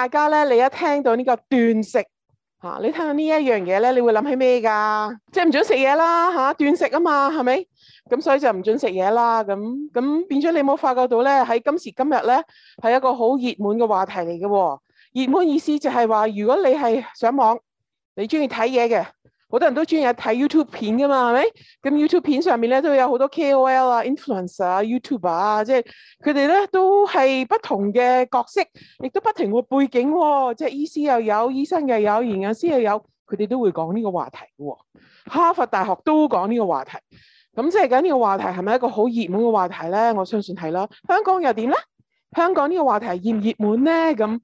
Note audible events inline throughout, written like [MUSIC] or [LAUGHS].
大家咧，你一聽到呢個斷食嚇，啊，你聽到呢一樣嘢咧，你會諗起咩噶？即係唔準食嘢啦嚇，斷食啊嘛，係咪？咁所以就唔準食嘢啦。咁咁變咗，你冇發覺到咧？喺今時今日咧，係一個好熱門嘅話題嚟嘅喎。熱門意思就係話，如果你係上網，你中意睇嘢嘅。好多人都中意睇 YouTube 片㗎嘛，係咪？咁 YouTube 片上面咧都有好多 KOL 啊、Influencer 啊、YouTuber 啊，即係佢哋咧都係不同嘅角色，亦都不停會背景喎。即係醫師又有，醫生又有，營養師又有，佢哋都會講呢個話題喎。哈佛大學都講呢個話題，咁即係緊呢個話題係咪一個好熱門嘅話題咧？我相信係啦。香港又點咧？香港呢個話題熱唔熱門咧？咁。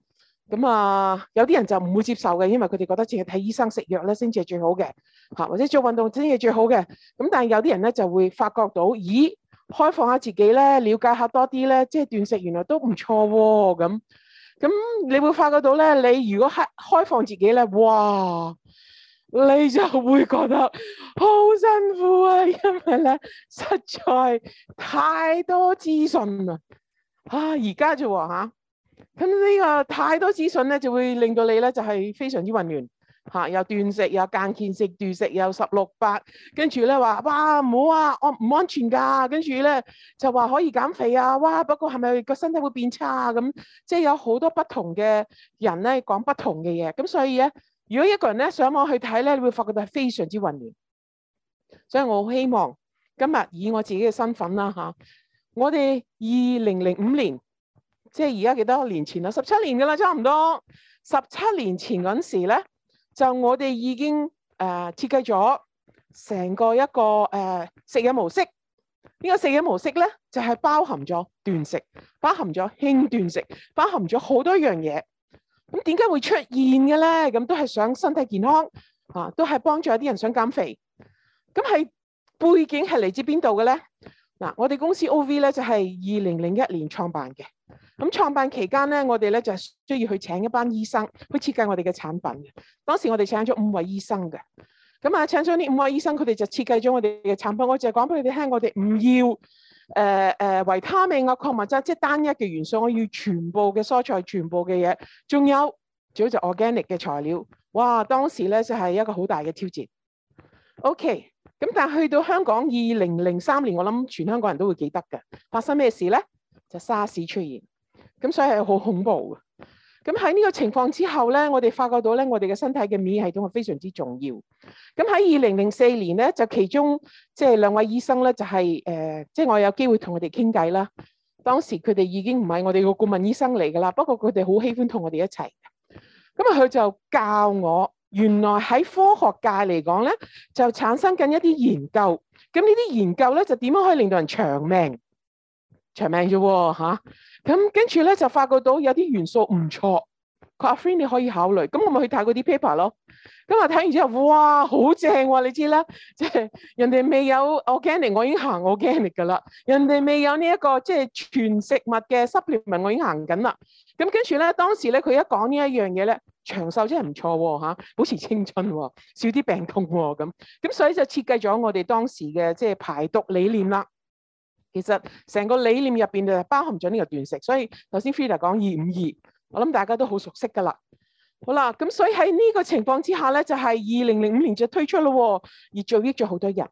咁啊，有啲人就唔會接受嘅，因為佢哋覺得淨係睇醫生食藥咧，先至係最好嘅，吓或者做運動先至係最好嘅。咁但係有啲人咧就會發覺到，咦，開放下自己咧，了解下多啲咧，即係斷食原來都唔錯喎。咁咁你會發覺到咧，你如果開開放自己咧，哇，你就會覺得好辛苦啊，因為咧實在太多資訊啦。啊，而家就話吓。啊咁呢個太多資訊咧，就會令到你咧就係非常之混亂嚇，又斷食又間歇食斷食又十六八，跟住咧話哇，唔好啊，唔安全噶？跟住咧就話可以減肥啊，哇！不過係咪個身體會變差啊？即係有好多不同嘅人咧講不同嘅嘢，咁所以咧，如果一個人咧上網去睇咧，你會發覺到係非常之混亂。所以我好希望今日以我自己嘅身份啦嚇，我哋二零零五年。即係而家幾多年前啦，十七年㗎啦，差唔多十七年前嗰陣時咧，就我哋已經誒設計咗成個一個誒食嘢模式。呢個食嘢模式咧，就係包含咗斷食，包含咗輕斷食，包含咗好多樣嘢。咁點解會出現嘅咧？咁都係想身體健康嚇，都係幫助一啲人想減肥。咁係背景係嚟自邊度嘅咧？嗱，我哋公司 OV 咧就係二零零一年創辦嘅。咁創辦期間咧，我哋咧就需要去請一班醫生去設計我哋嘅產品。當時我哋請咗五位醫生嘅，咁啊，請咗呢五位醫生，佢哋就設計咗我哋嘅產品。我就係講俾你哋聽，我哋唔要誒誒維他命啊，礦物質即係單一嘅元素，我要全部嘅蔬菜，全部嘅嘢，仲有最好就 organic 嘅材料。哇！當時咧就係一個好大嘅挑戰。OK，咁但係去到香港二零零三年，我諗全香港人都會記得嘅，發生咩事咧？就沙士出現，咁所以係好恐怖嘅。咁喺呢個情況之後咧，我哋發覺到咧，我哋嘅身體嘅免疫系統係非常之重要。咁喺二零零四年咧，就其中即係兩位醫生咧，就係誒，即係我有機會同佢哋傾偈啦。當時佢哋已經唔係我哋嘅顧問醫生嚟噶啦，不過佢哋好喜歡同我哋一齊。咁啊，佢就教我，原來喺科學界嚟講咧，就產生緊一啲研究。咁呢啲研究咧，就點樣可以令到人長命？長命啫喎，吓！咁跟住咧就發覺到有啲元素唔錯，佢話阿 Frank，你可以考慮。咁我咪去睇嗰啲 paper 咯。咁啊睇完之後，哇，好正喎！你知啦，即係人哋未有 organic，我已經行 organic 噶啦。人哋未有呢一個即係全食物嘅 supplement，我已經行緊啦。咁跟住咧，當時咧佢一講呢一樣嘢咧，長壽真係唔錯喎，保持青春喎，少啲病痛喎，咁咁所以就設計咗我哋當時嘅即係排毒理念啦。其實成個理念入邊就包含咗呢個斷食，所以頭先 Frida 講二五二，我諗大家都好熟悉噶啦。好啦，咁所以喺呢個情況之下咧，就係二零零五年就推出咯，而造益咗好多人。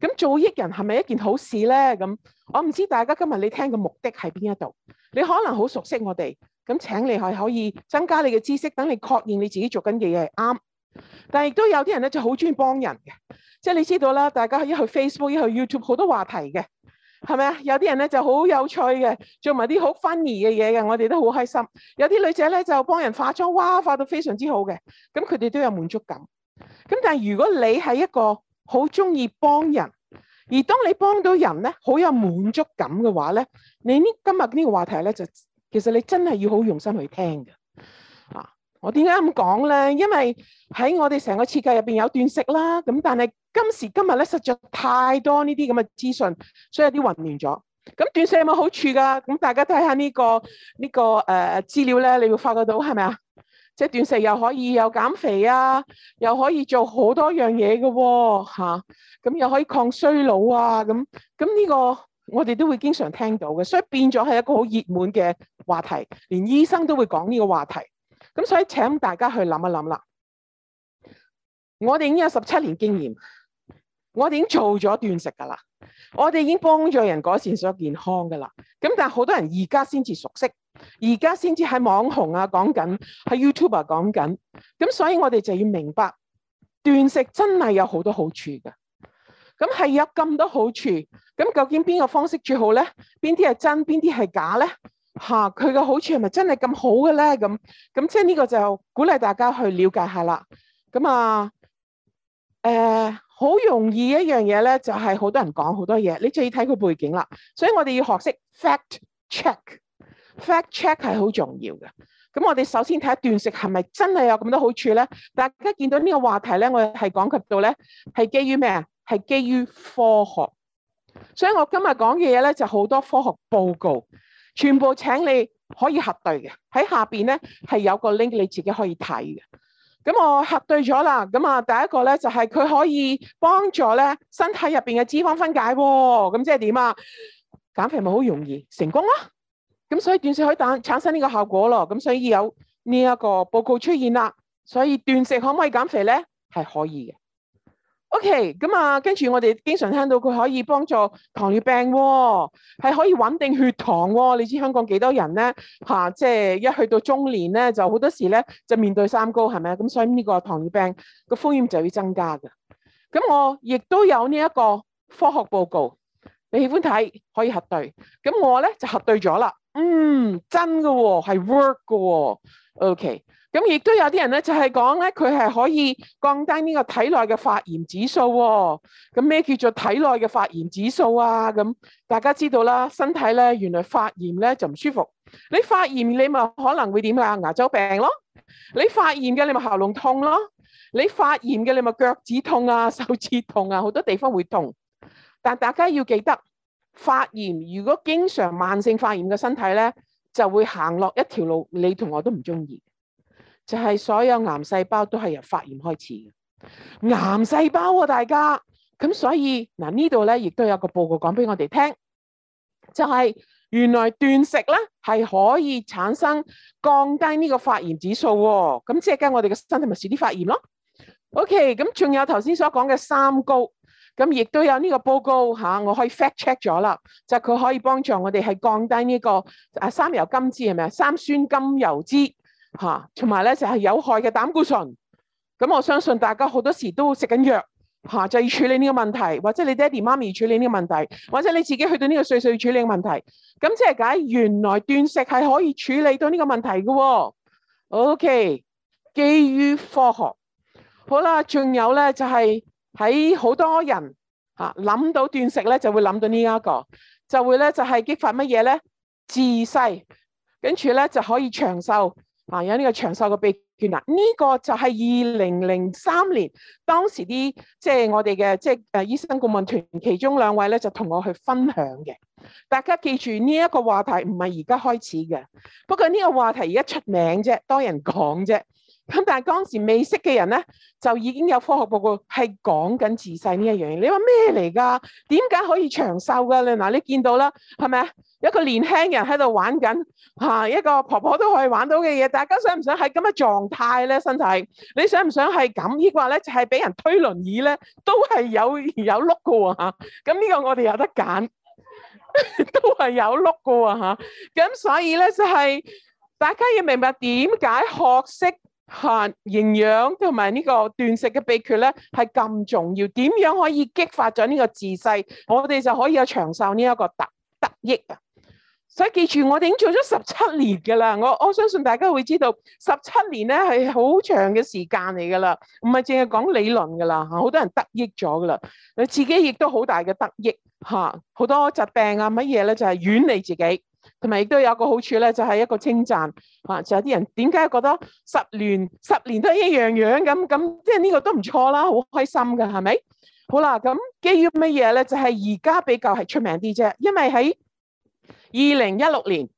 咁造益人係咪一件好事咧？咁我唔知大家今日你聽嘅目的係邊一度？你可能好熟悉我哋，咁請你係可以增加你嘅知識，等你確認你自己做緊嘅嘢係啱。但係亦都有啲人咧就好中意幫人嘅，即係你知道啦，大家一去 Facebook 一去 YouTube 好多話題嘅。係咪啊？有啲人咧就好有趣嘅，做埋啲好 funny 嘅嘢嘅，我哋都好開心。有啲女仔咧就幫人化妝，哇，化到非常之好嘅，咁佢哋都有滿足感。咁但係如果你係一個好中意幫人，而當你幫到人咧，好有滿足感嘅話咧，你呢今日呢個話題咧就，其實你真係要好用心去聽嘅。我點解咁講咧？因為喺我哋成個設計入邊有斷食啦，咁但係今時今日咧，實在太多呢啲咁嘅資訊，所以有啲混亂咗。咁斷食有冇好處㗎？咁大家睇下呢個呢、呢個誒、呃、資料咧，你會發覺到係咪啊？即係、即係、斷食又可以又減肥啊，又可以做好多樣嘢嘅喎嚇，咁、啊、又可以抗衰老啊咁。咁呢個我哋都會經常聽到嘅，所以變咗係一個好熱門嘅話題，連醫生都會講呢個話題。咁所以請大家去諗一諗啦。我哋已經有十七年經驗，我哋已經做咗斷食噶啦，我哋已經幫助人改善咗健康噶啦。咁但係好多人而家先至熟悉，而家先至喺網紅啊講緊，喺 YouTuber 講緊。咁所以我哋就要明白，斷食真係有好多好處嘅。咁係有咁多好處，咁究竟邊個方式最好咧？邊啲係真，邊啲係假咧？嚇，佢嘅好處係咪真係咁好嘅咧？咁咁即係呢個就鼓勵大家去了解下啦。咁啊，誒、呃、好容易的一樣嘢咧，就係好多人講好多嘢，你就要睇佢背景啦。所以我哋要學識 fact check，fact check 係好重要嘅。咁我哋首先睇斷食係咪真係有咁多好處咧？大家見到呢個話題咧，我係講及到咧係基於咩啊？係基於科學。所以我今日講嘅嘢咧就好多科學報告。全部請你可以核對嘅，喺下邊咧係有個 link 你自己可以睇嘅。咁我核對咗啦，咁啊第一個咧就係、是、佢可以幫助咧身體入邊嘅脂肪分解喎、哦，咁即係點啊？減肥咪好容易成功咯，咁所以斷食可以產產生呢個效果咯，咁所以有呢一個報告出現啦。所以斷食可唔可以減肥咧？係可以嘅。O.K. 咁啊，跟住我哋經常聽到佢可以幫助糖尿病喎，係可以穩定血糖喎。你知香港幾多人咧？嚇，即係一去到中年咧，就好多時咧就面對三高，係咪啊？咁所以呢個糖尿病個風險就會增加嘅。咁我亦都有呢一個科學報告，你喜歡睇可以核對。咁我咧就核對咗啦。嗯，真㗎喎、哦，係 work 㗎喎、哦。O.K. 咁亦都有啲人咧，就係講咧，佢係可以降低呢個體內嘅發炎指數喎、哦。咁咩叫做體內嘅發炎指數啊？咁大家知道啦，身體咧原來發炎咧就唔舒服。你發炎你咪可能會點啊？牙周病咯。你發炎嘅你咪喉嚨痛咯。你發炎嘅你咪腳趾痛啊、手指痛啊，好多地方會痛。但大家要記得發炎，如果經常慢性發炎嘅身體咧，就會行落一條路，你同我都唔中意。就係、是、所有癌細胞都係由發炎開始嘅癌細胞啊！大家，咁所以嗱，呢度咧，亦都有個報告講俾我哋聽，就係、是、原來斷食咧係可以產生降低呢個發炎指數喎。咁即係跟我哋嘅身體係咪少啲發炎咯？OK，咁仲有頭先所講嘅三高，咁亦都有呢個報告嚇，我可以 fact check 咗啦，就係、是、佢可以幫助我哋係降低呢、這個啊三油甘脂係咪啊？三酸甘油脂。是吓，同埋咧就係有害嘅膽固醇。咁我相信大家好多時都食緊藥，吓就要處理呢個問題，或者你爹哋媽咪處理呢個問題，或者你自己去到呢個歲數處理個問題。咁即係解，原來斷食係可以處理到呢個問題嘅。OK，基於科學。好啦，仲有咧就係喺好多人吓諗到斷食咧，就會諗到呢一個，就會咧就係激發乜嘢咧自細跟住咧就可以長壽。啊！有呢個長壽嘅秘訣啦，呢、啊呢個就係二零零三年當時啲即係我哋嘅即係誒醫生顧問團其中兩位咧，就同我去分享嘅。大家記住呢一、呢個話題，唔係而家開始嘅。不過呢個話題而家出名啫，多人講啫。咁但係當時未識嘅人咧，就已經有科學報告係講緊自細呢一樣嘢。你話咩嚟㗎？點解可以長壽㗎咧？嗱、啊，你見到啦，係咪啊？一個年輕人喺度玩緊，吓，一個婆婆都可以玩到嘅嘢。大家想唔想喺咁嘅狀態咧？身體你想唔想係咁？抑或咧就係、是、俾人推輪椅咧？都係有有碌噶吓。咁呢個我哋有得揀， [LAUGHS] 都係有碌噶吓。咁所以咧就係、是、大家要明白點解學識行營養同埋呢個斷食嘅秘訣咧，係咁重要。點樣可以激發咗呢個自細？我哋就可以有長壽呢一個特得，得益啊！所以記住，我哋已經做咗十七年噶啦。我我相信大家會知道，十七年咧係好長嘅時間嚟噶啦，唔係淨係講理論噶啦。吓，好多人得益咗噶啦，你自己亦都好大嘅得益吓。好多疾病啊，乜嘢咧就係遠離自己，同埋亦都有個好處咧，就係一個稱讚。吓，就有啲人點解覺得十年十年都一樣樣咁咁，即係呢個都唔錯啦，好開心噶，係咪？好啦，咁基於乜嘢咧？就係而家比較係出名啲啫，因為喺。二零一六年，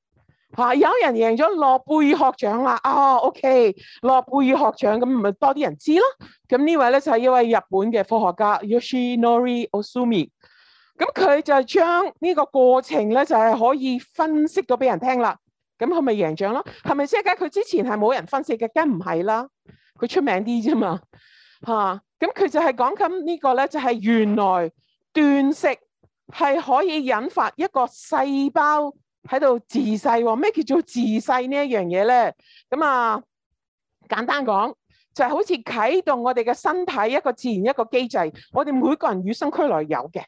吓，有人贏咗諾貝爾獎啦。啊 OK，諾貝爾獎咁咪多啲人知咯。咁呢位咧就係、是、一位日本嘅科學家 Yoshinori Ohsumi。咁佢就將呢個過程咧就係、是、可以分析到俾人聽啦。咁佢咪贏獎咯？係咪先？佢之前係冇人分析嘅，梗唔係啦。佢出名啲啫嘛。吓，咁佢就係講緊呢個咧，就係、是、原來斷食。係可以引發一個細胞喺度自細喎、哦？咩叫做自細呢一樣嘢咧？咁啊，簡單講就係好似啟動我哋嘅身體一個自然一個機制，我哋每個人與生俱來有嘅。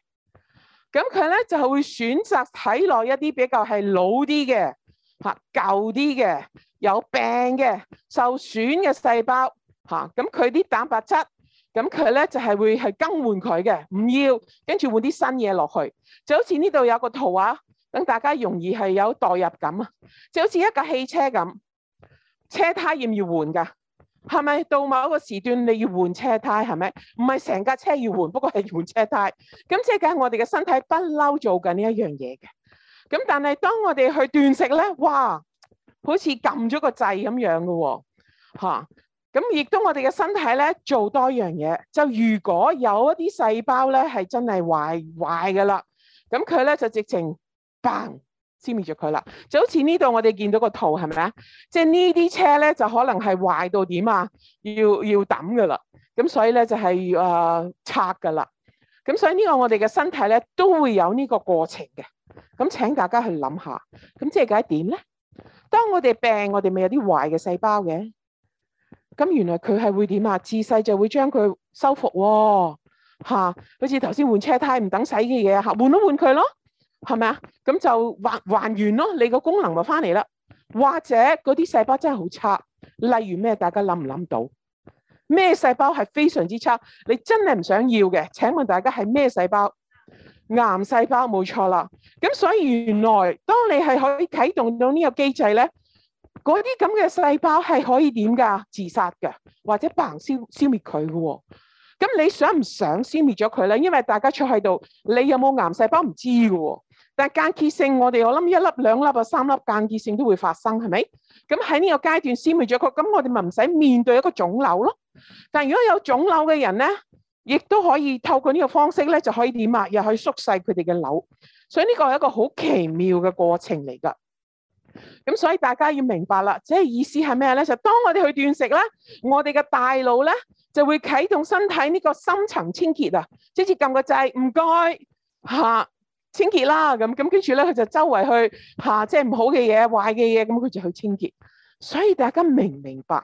咁佢咧就係會選擇體內一啲比較係老啲嘅、嚇舊啲嘅、有病嘅、受損嘅細胞，嚇咁佢啲蛋白質。咁佢咧就係、是、會係更換佢嘅，唔要，跟住換啲新嘢落去。就好似呢度有個圖畫，等大家容易係有代入感啊。就好似一架汽車咁，車胎要唔要換噶？係咪到某一個時段你要換車胎？係咪？唔係成架車要換，不過係換車胎。咁即係我哋嘅身體不嬲做緊呢一樣嘢嘅。咁但係當我哋去斷食咧，哇，好似撳咗個掣咁樣嘅喎、哦，吓。咁亦都我哋嘅身體咧做多樣嘢，就如果有一啲細胞咧係真係壞壞嘅啦，咁佢咧就直情嘭殲滅咗佢啦，就好似、就是、呢度我哋見到個圖係咪啊？即係呢啲車咧就可能係壞到點啊，要要抌嘅啦，咁所以咧就係誒拆嘅啦。咁所以呢、就是呃、所以個我哋嘅身體咧都會有呢個過程嘅。咁請大家去諗下，咁即係解點咧？當我哋病，我哋咪有啲壞嘅細胞嘅。咁原來佢係會點啊？自細就會將佢修復喎，嚇！好似頭先換車胎唔等使嘅嘢嚇，換都換佢咯，係咪啊？咁就還還原咯，你個功能就翻嚟啦。或者嗰啲細胞真係好差，例如咩？大家諗唔諗到咩細胞係非常之差？你真係唔想要嘅？請問大家係咩細胞？癌細胞冇錯啦。咁所以原來當你係可以啟動到呢個機制咧。嗰啲咁嘅細胞係可以點㗎？自殺嘅，或者爆消消滅佢嘅喎。咁你想唔想消滅咗佢咧？因為大家坐喺度，你有冇癌細胞唔知嘅喎。但間歇性我哋我諗一粒、兩粒啊、三粒間歇性都會發生，係咪？咁喺呢個階段消滅咗佢，咁我哋咪唔使面對一個腫瘤咯。但如果有腫瘤嘅人咧，亦都可以透過呢個方式咧，就可以點啊？又可以縮細佢哋嘅瘤。所以呢個係一個好奇妙嘅過程嚟㗎。咁所以大家要明白啦，即係意思係咩咧？就當我哋去斷食咧，我哋嘅大腦咧就會啟動身體呢個深層清潔啊，直接撳個掣，唔該，吓清潔啦，咁咁跟住咧佢就周圍去吓即係唔好嘅嘢、壞嘅嘢，咁佢就去清潔。所以大家明唔明白？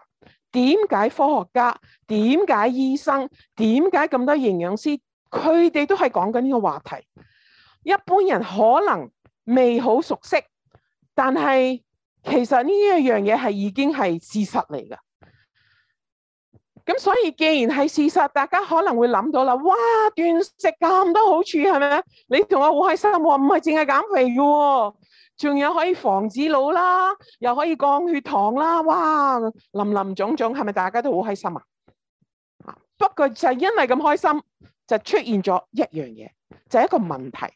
點解科學家、點解醫生、點解咁多營養師，佢哋都係講緊呢個話題？一般人可能未好熟悉。但係其實呢一樣嘢，係已經係事實嚟噶咁所以既然係事實，大家可能會諗到啦。哇，斷食咁多好處係咪？你同我好開心、喎，我唔係淨係減肥嘅，仲有可以防止老啦，又可以降血糖啦。哇，林林總總係咪大家都好開心啊？不過就係因為咁開心，就出現咗一樣嘢，就係、是、一個問題。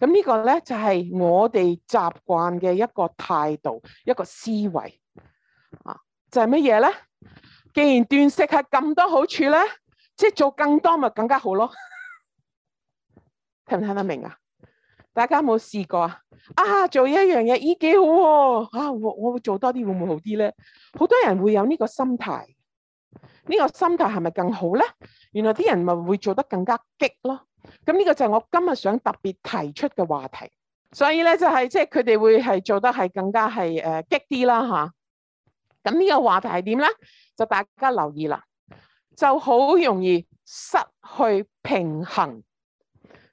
咁呢個咧就係、是、我哋習慣嘅一個態度，一個思維啊，就係乜嘢咧？既然斷食係咁多好處咧，即係做更多咪更加好咯。 [LAUGHS] 聽唔聽得明啊？大家有冇試過啊？啊，做一樣嘢咦幾好喎！啊，啊我我會做多啲會唔會好啲咧？好多人會有呢個心態。呢個心態係咪更好咧？原來啲人咪會做得更加激咯。咁呢個就係我今日想特別提出嘅話題。所以咧就係即係佢哋會係做得係更加係誒激啲啦吓。咁呢個話題係點咧？就大家留意啦。就好容易失去平衡，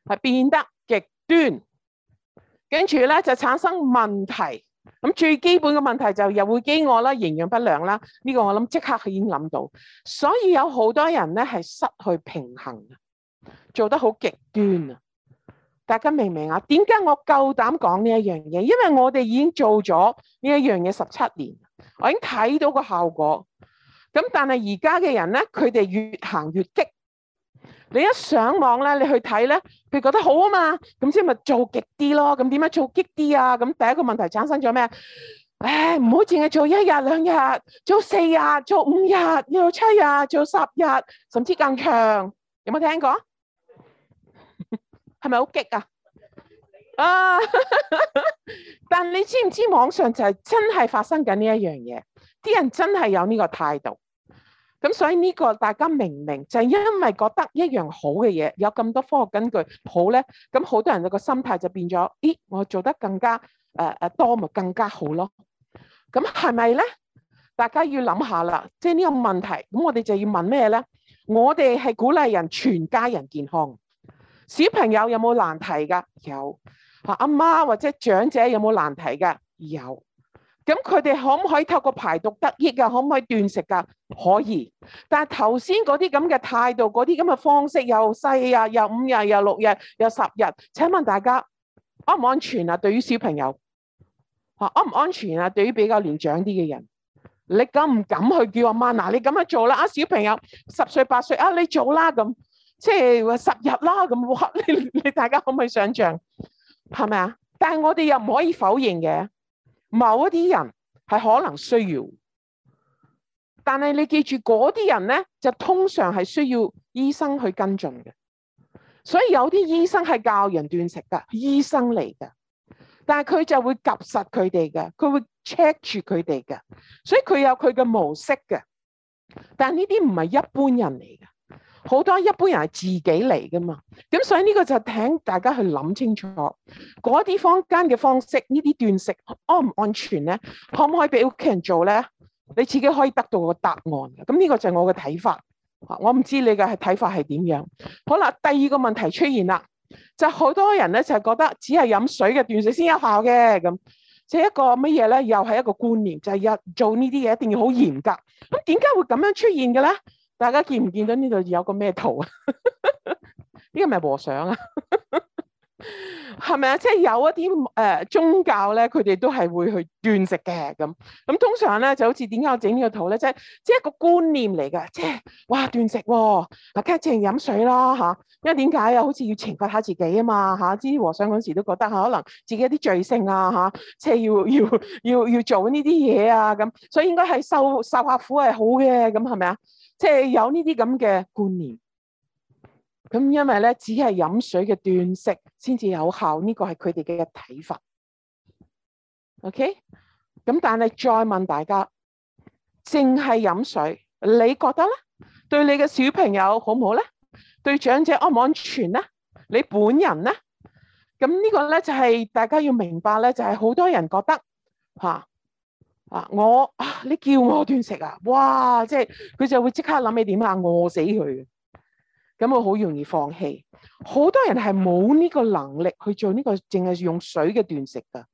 係變得極端，跟住咧就產生問題。咁最基本嘅問題就係又會饑餓啦、營養不良啦，呢個我諗即刻已經諗到，所以有好多人咧係失去平衡啊，做得好極端啊！大家明唔明啊？點解我夠膽講呢一樣嘢？因為我哋已經做咗呢一樣嘢十七年，我已經睇到個效果。咁但係而家嘅人咧，佢哋越行越激。你一上網咧，你去睇咧，佢覺得好啊嘛，咁先咪做極啲咯？咁點樣做激啲啊？咁第一個問題產生咗咩？誒，唔好淨係做一日兩日，做四日、做五日、做七日、做十日，甚至更長，有冇聽過？係咪好激啊？啊！ [LAUGHS] 但你知唔知網上就係真係發生緊呢一樣嘢？啲人真係有呢個態度。咁所以呢個大家明唔明就係、是、因為覺得一樣好嘅嘢有咁多科學根據好咧？咁好多人個心態就變咗，咦？我做得更加誒誒、呃、多咪更加好咯？咁係咪咧？大家要諗下啦，即係呢個問題。咁我哋就要問咩咧？我哋係鼓勵人全家人健康，小朋友有冇難題㗎？有吓，阿、啊、媽或者長者有冇難題㗎？有。咁佢哋可唔可以透過排毒得益啊？可唔可以斷食噶？可以，但係頭先嗰啲咁嘅態度、嗰啲咁嘅方式，又四日、啊、又五日、又六日、又十日。請問大家安唔安全啊？對於小朋友嚇安唔安全啊？對於比較年長啲嘅人，你敢唔敢去叫阿媽、媽？嗱，你咁樣做啦，啊，小朋友十歲八歲，啊你做啦咁，即係話十日啦咁，你你大家可唔可以想象係咪啊？但係我哋又唔可以否認嘅。某一啲人係可能需要，但係你記住嗰啲人咧，就通常係需要醫生去跟進嘅。所以有啲醫生係教人斷食噶，醫生嚟噶，但係佢就會夾實佢哋嘅，佢會 check 住佢哋嘅，所以佢有佢嘅模式嘅。但係呢啲唔係一般人嚟嘅。好多一般人係自己嚟噶嘛，咁所以呢個就請大家去諗清楚，嗰啲坊間嘅方式，呢啲斷食安唔安全咧？可唔可以俾屋企人做咧？你自己可以得到個答案嘅。咁呢個就係我嘅睇法，我唔知你嘅睇法係點樣。好啦，第二個問題出現啦，就好多人咧就係、覺得只係飲水嘅斷食先有效嘅咁，即係一個乜嘢咧？又係一個觀念，就係、係、做呢啲嘢一定要好嚴格。咁點解會咁樣出現嘅咧？大家見唔見到呢度有個咩圖啊？呢個咪和尚啊？係咪啊？即係有一啲、呃、宗教咧，佢哋都係會去斷食嘅咁。咁通常咧，就好似點解我整呢個圖咧？即係即係一個觀念嚟嘅。即係哇，斷食喎、啊，淨係飲水啦、啊、因為點解啊？好似要懲罰下自己啊嘛嚇。知和尚嗰時都覺得、啊、可能自己一啲罪性啊即係、啊嚇、要要要要做呢啲嘢啊咁、啊。所以應該係受受下苦係好嘅，咁係咪啊？即係有呢啲咁嘅觀念，咁因為咧只係飲水嘅斷食先至有效，呢個係佢哋嘅睇法。OK，咁但係再問大家，淨係飲水，你覺得咧？對你嘅小朋友好唔好咧？對長者安唔安全咧？你本人咧？咁呢個咧就係大家要明白咧，就係好多人覺得，話。啊！我啊，你叫我斷食啊！哇，即係佢就會即刻諗起點啊，餓死佢嘅。咁我好容易放棄。好多人係冇呢個能力去做呢個，淨係用水嘅斷食噶。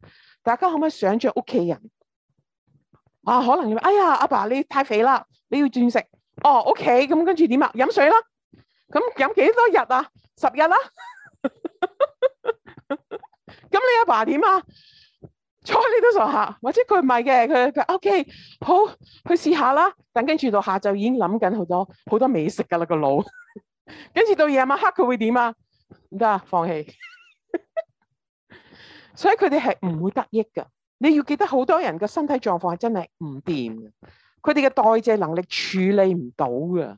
大家可唔可以想象屋企人？啊，可能你哎呀，阿爸你太肥啦，你要斷食。哦，OK，咁跟住點啊？飲水啦。咁飲幾多日啊？十日啦。咁你阿爸點啊？ [LAUGHS] 坐你都傻客，或者佢唔係嘅，佢佢 OK 好去試下啦。等跟住到下晝已經諗緊好多好多美食噶啦、個腦，跟住到夜晚黑佢會點啊？唔得啊？放棄。 [LAUGHS] 所以佢哋係唔會得益噶你要記得，好多人嘅身體狀況係真係唔掂嘅，佢哋嘅代謝能力處理唔到嘅。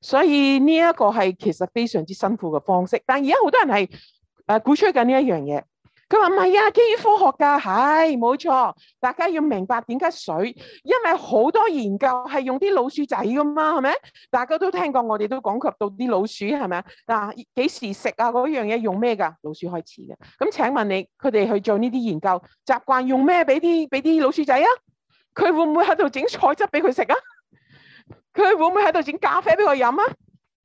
所以呢一個係其實非常之辛苦嘅方式。但而家好多人係誒鼓吹緊呢一樣嘢。佢話唔係啊，基於科學噶，係冇錯。大家要明白點解水，因為好多研究係用啲老鼠仔噶嘛，係咪？大家都聽過，我哋都講及到啲老鼠係咪啊？嗱，幾時食啊？嗰樣嘢用咩噶？老鼠開始嘅。咁請問你，佢哋去做呢啲研究，習慣用咩俾啲俾啲老鼠仔啊？佢會唔會喺度整菜汁俾佢食啊？佢會唔會喺度整咖啡俾佢飲啊？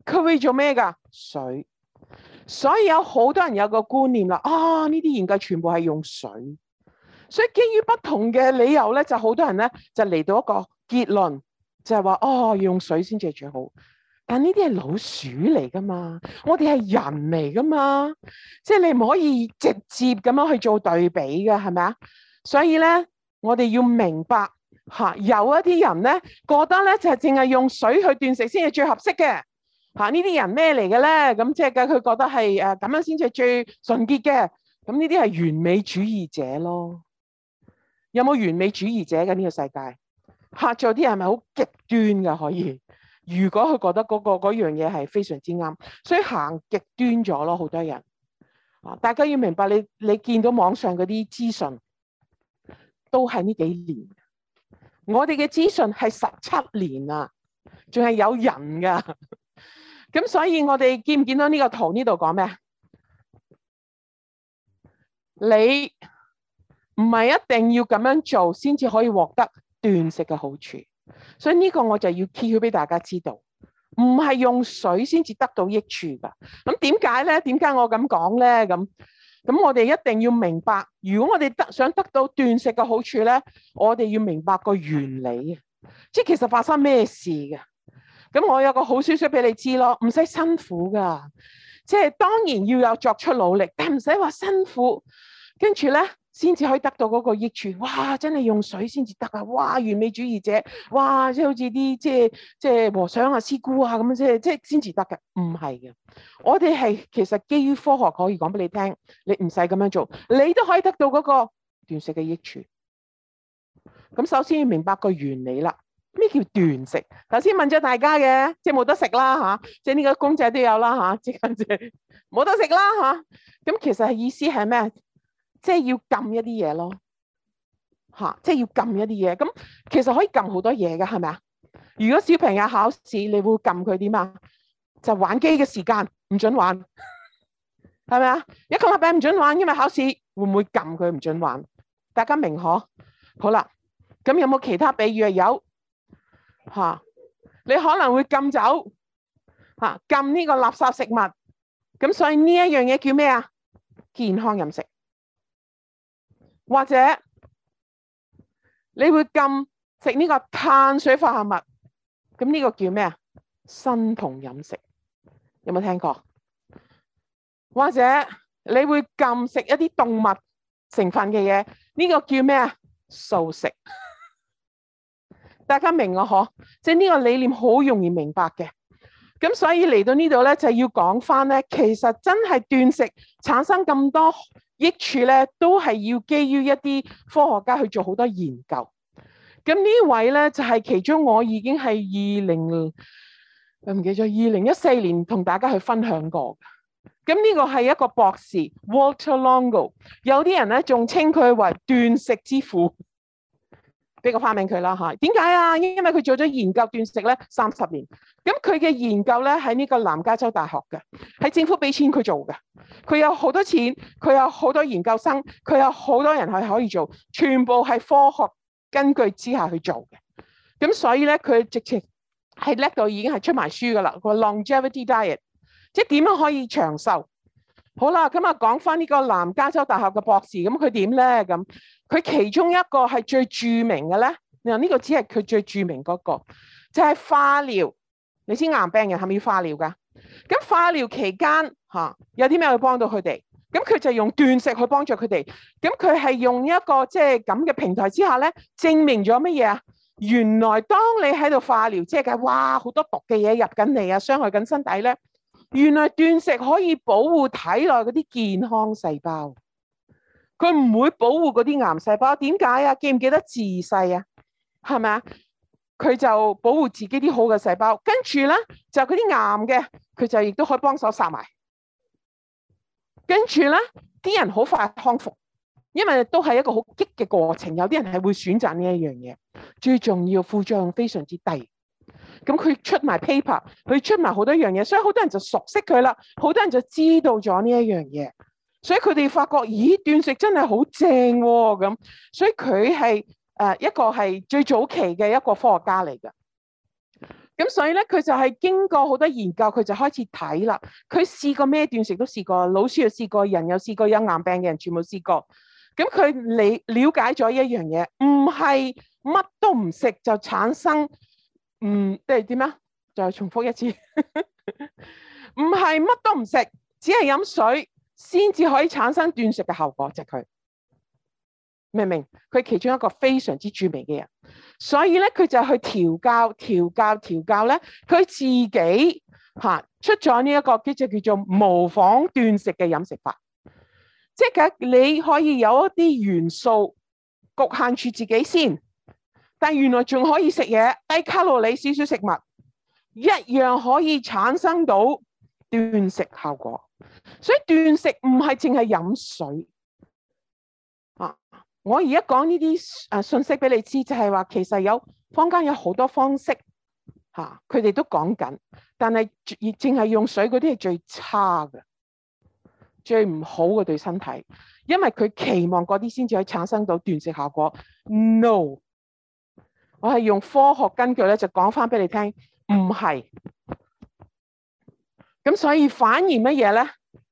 佢會做咩噶？水。所以有好多人有個觀念啦，啊呢啲研究全部係用水，所以基於不同嘅理由咧，就好多人咧就嚟到一個結論，就係話啊用水先至最好。但呢啲係老鼠嚟噶嘛，我哋係人嚟噶嘛，即係你唔可以直接咁樣去做對比嘅，係咪啊？所以咧，我哋要明白吓，啊，有一啲人咧覺得咧就係淨係用水去斷食先係最合適嘅。行、啊、呢啲人咩嚟嘅咧？咁即係嘅，佢覺得係誒咁樣先至最純潔嘅。咁呢啲係完美主義者咯。有冇完美主義者嘅呢、呢個世界？嚇！在啲人係咪好極端㗎？可以，如果佢覺得嗰、嗰個嗰樣嘢係非常之啱，所以行極端咗咯。好多人啊！大家要明白，你你見到網上嗰啲資訊，都係呢幾年。我哋嘅資訊係十七年啊，仲係有人㗎。咁所以，我哋見唔見到呢個圖？呢度講咩？你唔係一定要咁樣做先至可以獲得斷食嘅好處。所以呢個我就要揭曉俾大家知道，唔係用水先至得到益處噶。咁點解咧？點解我咁講咧？咁咁我哋一定要明白，如果我哋得想得到斷食嘅好處咧，我哋要明白個原理，即係其實發生咩事嘅。咁我有個好消息俾你知咯，唔使辛苦㗎，即係當然要有作出努力，但唔使話辛苦，跟住呢先至可以得到嗰個益處。哇！真係用水先至得啊！哇！完美主義者，哇！即係好似啲即係即係和尚啊、師姑啊咁樣，即係即係先至得嘅，唔係嘅。我哋係其實基於科學可以講俾你聽，你唔使咁樣做，你都可以得到嗰個斷食嘅益處。咁首先要明白個原理啦。咩叫斷食？頭先問咗大家嘅，即係冇得食啦嚇，即係呢個公仔都有啦嚇、啊，即冇得食啦嚇。咁、啊、其實係意思係咩？即係要撳一啲嘢咯，嚇、啊！即係要撳一啲嘢。咁其實可以撳好多嘢噶，係咪啊？如果小朋友考試，你會撳佢點啊？就是、玩機嘅時間唔準玩，係咪啊？一個禮拜唔準玩，因為考試會唔會撳佢唔準玩？大家明可？好啦，咁有冇其他比喻啊？有。吓、啊，你可能會禁酒，吓、啊、禁呢個垃圾食物，咁所以呢一樣嘢叫咩啊？健康飲食，或者你會禁食呢個碳水化合物，咁呢個叫咩啊？生酮飲食，有冇聽過？或者你會禁食一啲動物成分嘅嘢，呢個叫咩啊？素食。大家明我，嗬！即係呢個理念好容易明白嘅。咁所以嚟到這裡呢度咧，就係要講翻咧，其實真係斷食產生咁多益處咧，都係要基於一啲科學家去做好多研究。咁呢位咧就係、是、其中，我已經係二零唔記得咗，二零一四年同大家去分享過。咁呢個係一個博士，Walter Longo，有啲人咧仲稱佢為斷食之父。俾個花名佢啦嚇，點解啊？因因為佢做咗研究斷食咧三十年，咁佢嘅研究咧喺呢個南加州大學嘅，喺政府俾錢佢做嘅，佢有好多錢，佢有好多研究生，佢有好多人係可以做，全部係科學根據之下去做嘅。咁所以咧，佢直情係叻到已經係出埋書㗎喇。佢話 Longevity Diet，即係點樣可以長壽？好啦，咁啊講返呢個南加州大學嘅博士，咁佢點咧咁？佢其中一個係最著名嘅咧，你話呢個只係佢最著名嗰個，就係化療。你知癌病人係咪要化療噶？咁化療期間嚇，啊，有啲咩去幫到佢哋？咁佢就用斷食去幫助佢哋。咁佢係用一個即係咁嘅平台之下咧，證明咗乜嘢啊？原來當你喺度化療即係嘅，哇好多毒嘅嘢入緊嚟啊，傷害緊身體咧。原來斷食可以保護體內嗰啲健康細胞。佢唔會保護嗰啲癌細胞，點解啊？記唔記得自細啊？係咪啊？佢就保護自己啲好嘅細胞，跟住咧就嗰啲癌嘅，佢就亦都可以幫手殺埋。跟住咧，啲人好快康復，因為都係一個好激嘅過程。有啲人係會選擇呢一樣嘢，最重要，副作用非常之低。咁佢出埋 paper，佢出埋好多樣嘢，所以好多人就熟悉佢啦，好多人就知道咗呢一樣嘢。所以佢哋發覺，咦，斷食真係好正喎！咁，所以佢係誒一個係最早期嘅一個科學家嚟嘅。咁所以咧，佢就係經過好多研究，佢就開始睇啦。佢試過咩斷食都試過，老鼠又試過，人又試過，有癌病嘅人全部試過。咁佢理瞭解咗一樣嘢，唔係乜都唔食就產生，唔，即係點呀？就再重複一次，唔係乜都唔食，只係飲水。先至可以產生斷食嘅效果，就係、是、佢明唔明？佢其中一個非常之著名嘅人，所以咧佢就去調教、調教、調教咧，佢自己嚇出咗呢一個叫做叫做模仿斷食嘅飲食法，即係你可以有一啲元素局限住自己先，但原來仲可以食嘢低卡路里少少食物，一樣可以產生到斷食效果。所以斷食唔係淨係飲水啊！我而家講呢啲誒信息俾你知，就係話其實有坊間有好多方式吓，佢哋都講緊，但係淨係用水嗰啲係最差嘅，最唔好嘅，對身體，因為佢期望嗰啲先至可以產生到斷食效果。No，我係用科學根據咧，就講翻俾你聽，唔係。咁所以反而乜嘢咧？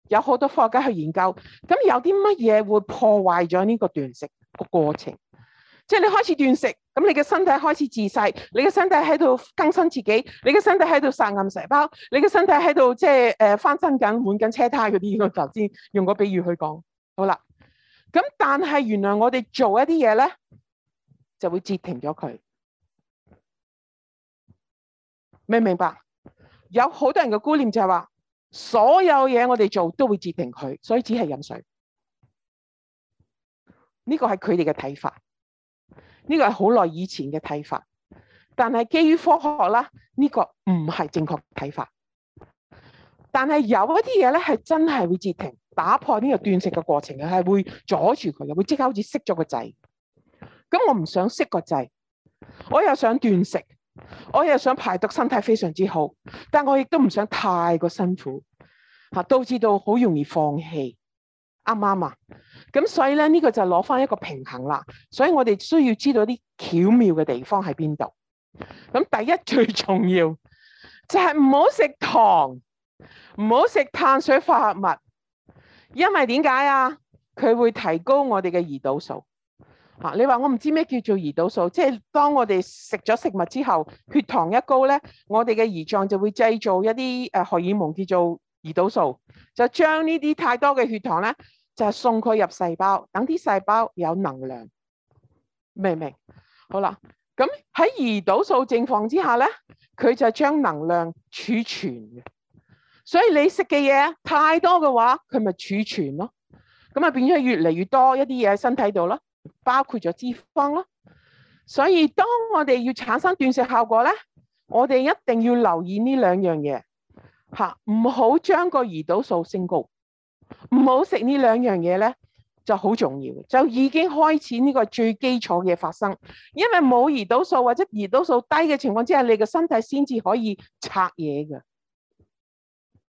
有好多科學家去研究，咁有啲乜嘢會破壞咗呢個斷食個過程？即係你開始斷食，咁你嘅身體開始自細，你嘅身體喺度更新自己，你嘅身體喺度殺癌細胞，你嘅身體喺度即係誒翻新緊、換緊車胎嗰啲。我頭先用個比喻去講，好啦。咁但係原來我哋做一啲嘢咧，就會截停咗佢。明唔明白？有好多人嘅觀念就係話，所有嘢我哋做都會截停佢，所以只係飲水。呢個係佢哋嘅睇法，呢個係好耐以前嘅睇法。但係基於科學學啦，呢個唔係正確睇法。但係有一啲嘢咧係真係會截停，打破呢個斷食嘅過程嘅係會阻住佢，又會即刻好似熄咗個掣。咁我唔想熄個掣，我又想斷食。我又想排毒，身體非常之好，但我亦都唔想太過辛苦，吓都知道好容易放棄，啱唔啱啊？咁所以咧呢、呢個就攞翻一個平衡啦。所以我哋需要知道啲巧妙嘅地方喺邊度。咁第一最重要就係唔好食糖，唔好食碳水化合物，因為點解啊？佢會提高我哋嘅胰島素。啊！你話我唔知咩叫做胰島素，即係當我哋食咗食物之後，血糖一高咧，我哋嘅胰臟就會製造一啲誒荷爾蒙叫做胰島素，就將呢啲太多嘅血糖咧就送佢入細胞，等啲細胞有能量，明唔明？好啦，咁喺胰島素情況之下咧，佢就將能量儲存嘅，所以你食嘅嘢太多嘅話，佢咪儲存咯，咁啊變咗越嚟越多一啲嘢喺身體度咯。包括咗脂肪咯，所以當我哋要產生斷食效果咧，我哋一定要留意呢兩樣嘢，吓，唔好將個胰島素升高，唔好食呢兩樣嘢咧就好重要，就已經開始呢個最基礎嘅發生，因為冇胰島素或者胰島素低嘅情況之下，你個身體先至可以拆嘢嘅，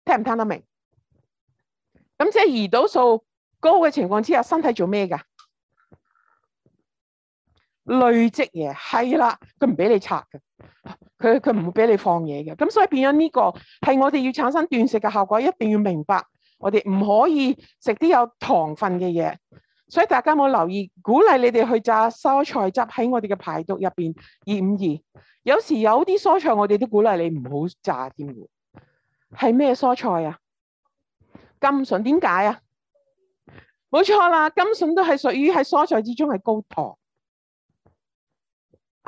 聽唔聽得明？咁即係胰島素高嘅情況之下，身體做咩噶？累積嘢，係啦，佢唔俾你拆嘅，佢佢唔會俾你放嘢嘅。咁所以變咗呢個係我哋要產生斷食嘅效果，一定要明白，我哋唔可以食啲有糖分嘅嘢。所以大家冇留意，鼓勵你哋去榨蔬菜汁喺我哋嘅排毒入邊，二五二。有時有啲蔬菜我哋都鼓勵你唔好榨添嘅，係咩蔬菜啊？甘笋點解啊？冇錯啦，甘笋都係屬於喺蔬菜之中係高糖。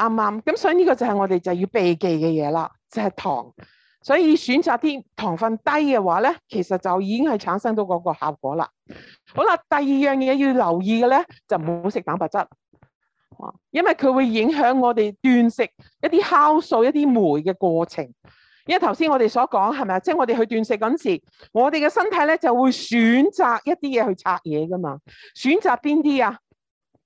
啱啱咁，所以呢個就係我哋就要避忌嘅嘢啦，就係糖。所以選擇啲糖分低嘅話咧，其實就已經係產生到嗰個效果啦。好啦，第二樣嘢要留意嘅咧，就唔好食蛋白質，因為佢會影響我哋斷食一啲酵素、一啲酶嘅過程。因為頭先我哋所講係咪啊？即係我哋去斷食嗰陣時，我哋嘅身體咧就會選擇一啲嘢去拆嘢噶嘛？選擇邊啲啊？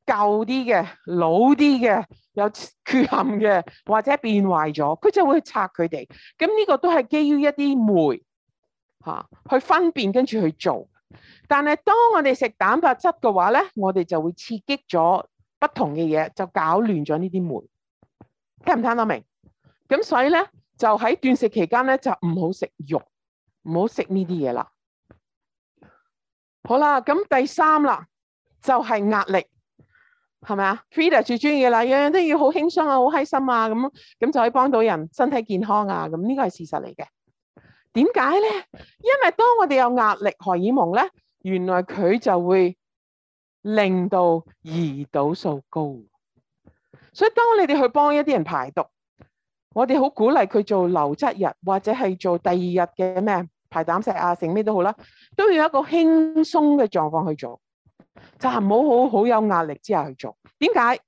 舊啲嘅、老啲嘅、有缺陷嘅或者變壞咗，佢就會拆佢哋。咁呢個都係基於一啲酶吓去分辨，跟住去做。但係當我哋食蛋白質嘅話咧，我哋就會刺激咗不同嘅嘢，就搞亂咗呢啲酶。聽唔聽得明？咁所以咧就喺斷食期間咧就唔好食肉，唔好食呢啲嘢啦。好啦，咁第三啦就係壓力。係咪啊？freedom 最中意嘅啦，樣樣都要好輕鬆啊，好開心啊，咁咁就可以幫到人，身體健康啊，咁呢個係事實嚟嘅。點解咧？因為當我哋有壓力荷爾蒙咧，原來佢就會令到胰島素高。所以當你哋去幫一啲人排毒，我哋好鼓勵佢做流質日，或者係做第二日嘅咩排膽石啊，剩咩都好啦，都要一個輕鬆嘅狀況去做。就係唔好好好有壓力之下去做，點解？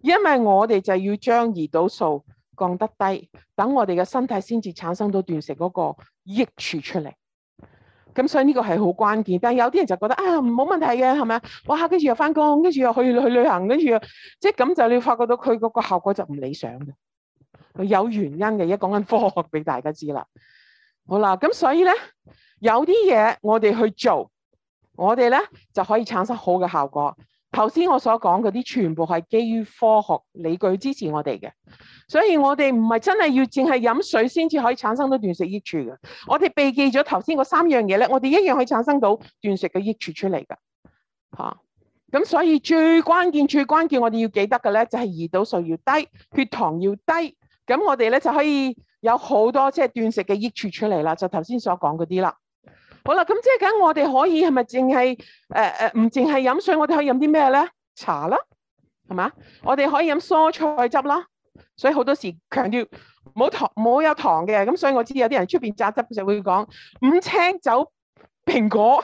因為我哋就要將胰島素降得低，等我哋嘅身體先至產生到斷食嗰個益處出嚟。咁所以呢個係好關鍵。但係有啲人就覺得啊，冇、哎、問題嘅係咪啊？哇，跟住又翻工，跟住又去去旅行，跟住即係咁就是、你就發覺到佢嗰個效果就唔理想嘅。有原因嘅，一講緊科學俾大家知啦。好啦，咁所以咧有啲嘢我哋去做。我哋咧就可以產生好嘅效果。頭先我所講嗰啲全部係基於科學理據支持我哋嘅，所以我哋唔係真係要淨係飲水先至可以產生到斷食益處嘅。我哋避記忌咗頭先嗰三樣嘢咧，我哋一樣可以產生到斷食嘅益處出嚟㗎。嚇、啊！咁所以最關鍵、最關鍵，我哋要記得嘅咧就係胰島素要低、血糖要低，咁我哋咧就可以有好多即係斷食嘅益處出嚟啦。就頭先所講嗰啲啦。好啦，咁即係咁，我哋可以係咪淨係誒誒，唔淨係飲水，我哋可以飲啲咩咧？茶啦，係嘛？我哋可以飲蔬菜汁啦。所以好多時強調冇糖冇有糖嘅。咁所以我知有啲人出邊榨汁嘅時候會講五青走蘋果，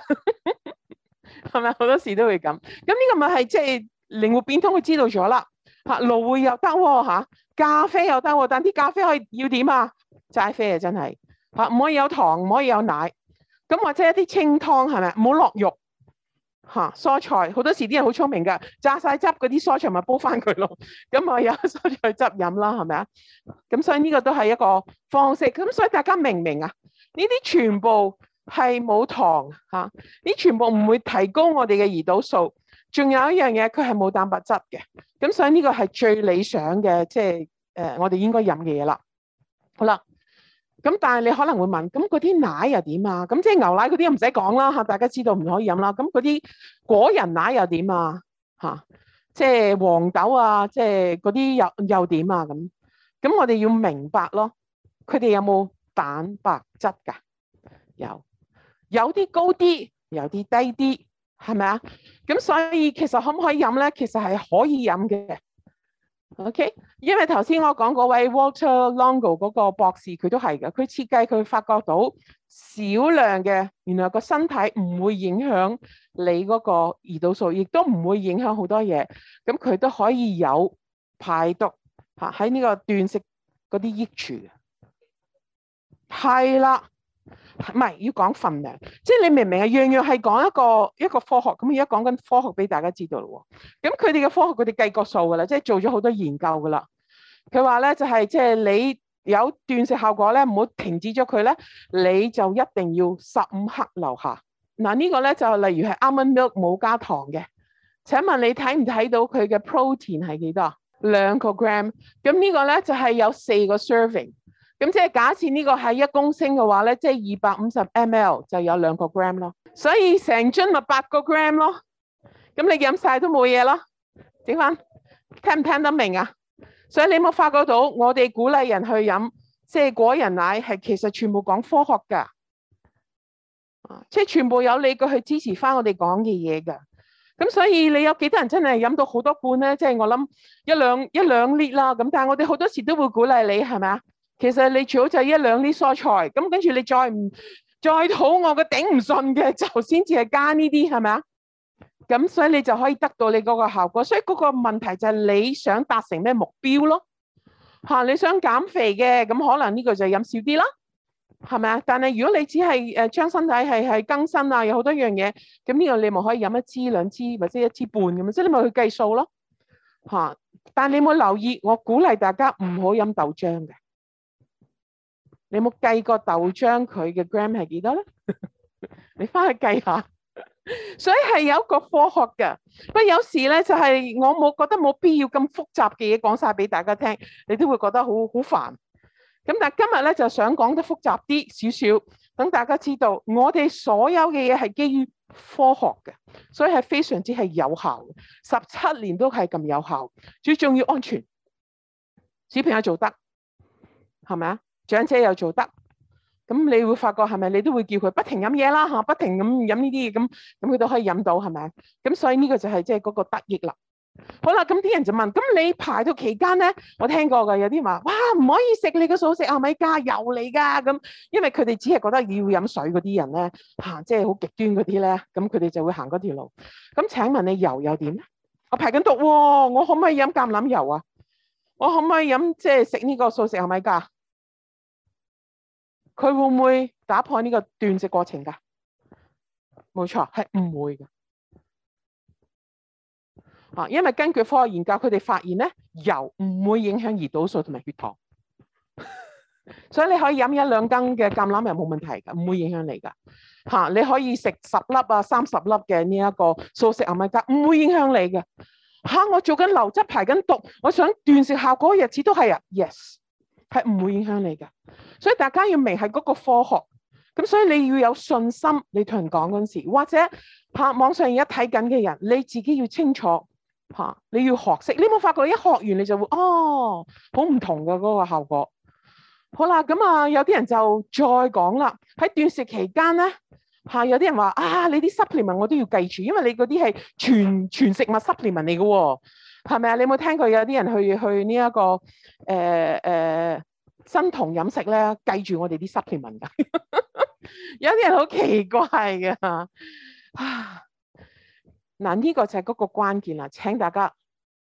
係 [LAUGHS] 咪？好多時都會咁。咁呢個咪係即係靈活變通，佢知道咗啦。蘆薈又得吓，咖啡又得喎，但啲咖啡可以要點啊？齋啡啊，真係吓，唔可以有糖，唔可以有奶。咁或者一啲清湯係咪？唔好落肉吓、啊，蔬菜好多時啲人好聰明噶，榨晒汁嗰啲蔬菜咪煲翻佢咯。咁咪有蔬菜汁飲啦，係咪啊？咁所以呢個都係一個方式。咁所以大家明唔明啊？呢啲全部係冇糖吓，呢、啊、全部唔會提高我哋嘅胰島素。仲有一樣嘢，佢係冇蛋白質嘅。咁所以呢個係最理想嘅，即係誒我哋應該飲嘅嘢啦。好啦。咁但係你可能會問，咁嗰啲奶又點啊？咁即係牛奶嗰啲唔使講啦嚇，大家知道唔可以飲啦。咁嗰啲果仁奶又點啊？嚇，即係黃豆啊，即係嗰啲又又點啊？咁，咁我哋要明白咯，佢哋有冇蛋白質㗎？有，有啲高啲，有啲低啲，係咪啊？咁所以其實可唔可以飲咧？其實係可以飲嘅。O.K.，因為頭先我講嗰位 Walter Longo 嗰個博士，佢都係嘅。佢設計，佢發覺到少量嘅，原來個身體唔會影響你嗰個胰島素，亦都唔會影響好多嘢。咁佢都可以有排毒吓喺呢個斷食嗰啲益處嘅，係啦。唔係要講份量，即係你明明係樣樣係講一個一個科學，咁而家講緊科學俾大家知道咯。咁佢哋嘅科學，佢哋計過數噶啦，即係做咗好多研究噶啦。佢話咧就係即係你有斷食效果咧，唔好停止咗佢咧，你就一定要十五克留下。嗱呢個咧就例如係 almond milk 冇加糖嘅，請問你睇唔睇到佢嘅 protein 係幾多？兩個 gram。咁呢個咧就係有四個 serving。咁即係假設呢個係一公升嘅話咧，即係二百五十 mL 就有兩個 gram 咯，所以成樽咪八個 gram 咯。咁你飲晒都冇嘢咯，整翻？聽唔聽得明啊？所以你冇發覺到，我哋鼓勵人去飲，即係果仁奶係其實全部講科學噶，即係全部有理據去支持翻我哋講嘅嘢噶。咁所以你有幾多人真係飲到好多罐咧？即係我諗一兩一兩列啦。咁但係我哋好多時都會鼓勵你，係咪啊？其實你最好就一兩啲蔬菜，咁跟住你再唔再肚餓嘅頂唔順嘅，就先至係加呢啲，係咪啊？咁所以你就可以得到你嗰個效果。所以嗰個問題就係你想達成咩目標咯？吓，你想減肥嘅，咁可能呢個就飲少啲咯，係咪啊？但係如果你只係誒將身體係係更新啊，有好多樣嘢，咁呢個你咪可以飲一支兩支或者一支半咁，即係你咪去計數咯。吓，但你有冇留意？我鼓勵大家唔好飲豆漿嘅。你冇計過豆漿佢嘅 gram 係幾多咧？ [LAUGHS] 你翻去計下， [LAUGHS] 所以係有一個科學嘅。不過有時咧就係、是，我冇覺得冇必要咁複雜嘅嘢講晒俾大家聽，你都會覺得好好煩。咁但係今日咧就想講得複雜啲少少，等大家知道我哋所有嘅嘢係基於科學嘅，所以係非常之係有效嘅。十七年都係咁有效，最重要安全。小朋友做得係咪啊？長者又做得咁，你會發覺係咪？你都會叫佢不停飲嘢啦，不停咁飲呢啲嘢咁，咁佢都可以飲到係咪？咁所以呢個就係即係嗰個得益啦。好啦，咁啲人就問：咁你排毒期間咧，我聽過嘅有啲話，哇唔可以食你個素食阿米迦油嚟㗎。咁因為佢哋只係覺得要飲水嗰啲人咧行，即係好極端嗰啲咧，咁佢哋就會行嗰條路。咁請問你油又點？我排緊毒喎，我可唔可以飲橄欖油啊？我可唔可以飲即係食呢個素食阿米迦？佢會唔會打破呢個斷食過程噶？冇錯，係唔會嘅。啊，因為根據科學研究，佢哋發現咧，油唔會影響胰島素同埋血糖，所以你可以飲一兩斤嘅橄欖油冇問題嘅，唔會影響你噶。吓，你可以食十粒啊三十粒嘅呢一個素食亞米加，唔會影響你嘅。吓，我做緊流質排緊毒，我想斷食效果嘅日子都係啊，yes。係唔會影響你噶，所以大家要明係嗰個科學，咁所以你要有信心。你同人講嗰陣時，或者拍網上而家睇緊嘅人，你自己要清楚嚇，你要學識。你冇發覺你一學完你就會哦，好唔同嘅嗰個效果。好啦，咁啊有啲人就再講啦。喺斷食期間咧嚇，有啲人話啊，你啲 supplement 我都要記住，因為你嗰啲係全全食物 supplement 嚟嘅喎。係咪啊？你有冇聽過有啲人去去呢、這、一個誒誒、呃呃、生酮飲食咧，計住我哋啲 supplement 問題有啲人好奇怪嘅。嗱呢、這個就係嗰個關鍵啦！請大家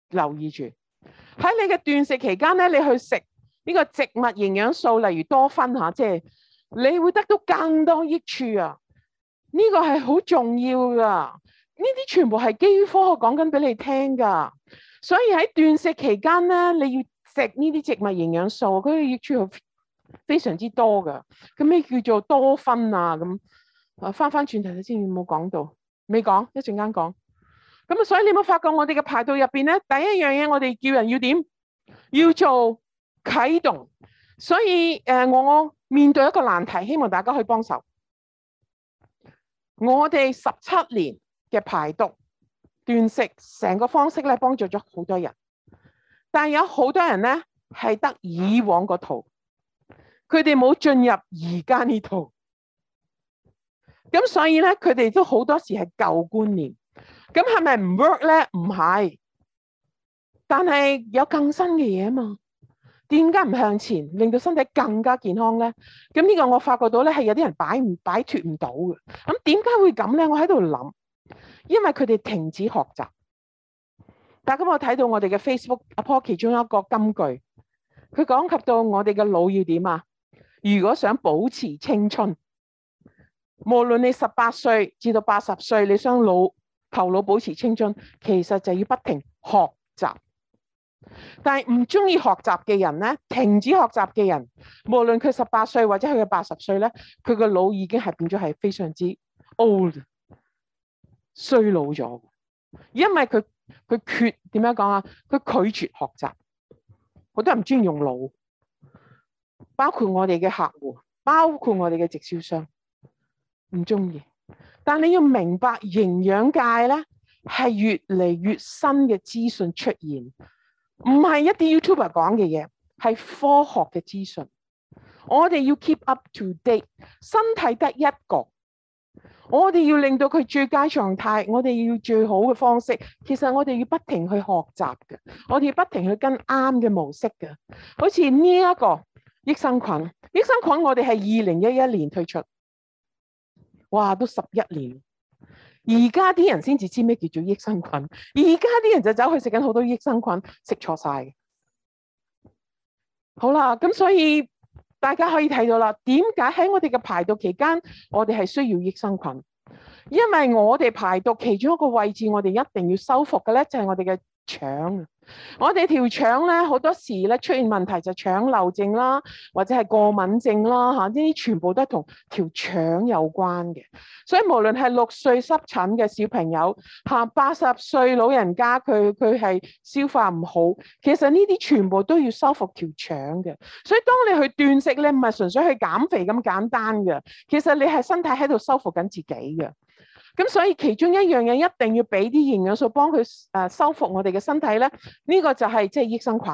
留意住喺你嘅斷食期間咧，你去食呢個植物營養素，例如多酚下即係你會得到更多益處啊！呢、這個係好重要㗎。呢啲全部係基於科學講緊俾你聽㗎。所以喺斷食期間咧，你要食呢啲植物營養素，佢亦要出非常之多嘅。咁咩叫做多酚啊？咁翻翻轉頭，你之前有冇講到？未講，一陣間講。咁啊，所以你有冇發覺我哋嘅排毒入邊咧，第一樣嘢我哋叫人要點要做啟動？所以誒，我面對一個難題，希望大家去幫手。我哋十七年嘅排毒。斷食成個方式咧，幫助咗好多人，但係有好多人咧係得以往個套，佢哋冇進入而家呢套，咁所以咧佢哋都好多時係舊觀念，咁係咪唔 work 咧？唔係，但係有更新嘅嘢啊嘛，點解唔向前，令到身體更加健康咧？咁呢個我發覺到咧係有啲人擺唔擺脫唔到嘅，咁點解會咁咧？我喺度諗。因為佢哋停止學習。大家有冇睇到我哋嘅 Facebook 阿 Po 其中一個金句？佢講及到我哋嘅腦要點啊？如果想保持青春，無論你十八歲至到八十歲，你想腦頭腦保持青春，其實就要不停學習。但係唔中意學習嘅人咧，停止學習嘅人，無論佢十八歲或者佢嘅八十歲咧，佢個腦已經係變咗係非常之 old。衰老咗，因為佢佢缺點樣講啊？佢拒絕學習。好多人唔中意用腦，包括我哋嘅客戶，包括我哋嘅直銷商，唔中意。但你要明白，營養界咧係越嚟越新嘅資訊出現，唔係一啲 YouTuber 講嘅嘢，係科學嘅資訊。我哋要 keep up to date，身體得一個。我哋要令到佢最佳狀態，我哋要最好嘅方式。其實我哋要不停去學習嘅，我哋要不停去跟啱嘅模式嘅。好似呢一個益生菌，益生菌我哋係二零一一年推出，哇都十一年，而家啲人先至知咩叫做益生菌，而家啲人就走去食緊好多益生菌，食錯晒嘅。好啦，咁所以。大家可以睇到啦，點解喺我哋嘅排毒期間，我哋係需要益生菌？因為我哋排毒其中一個位置，我哋一定要修復嘅呢就係我哋嘅。腸，我哋條腸咧，好多時咧出現問題就腸漏症啦，或者係過敏症啦，吓呢啲全部都係同條腸有關嘅。所以無論係六歲濕疹嘅小朋友，吓八十歲老人家，佢佢係消化唔好，其實呢啲全部都要修復條腸嘅。所以當你去斷食咧，你唔係純粹去減肥咁簡單嘅，其實你係身體喺度修復緊自己嘅。咁所以其中一樣嘢一定要俾啲營養素幫佢誒，修復我哋嘅身體咧，呢、呢個就係即係益生菌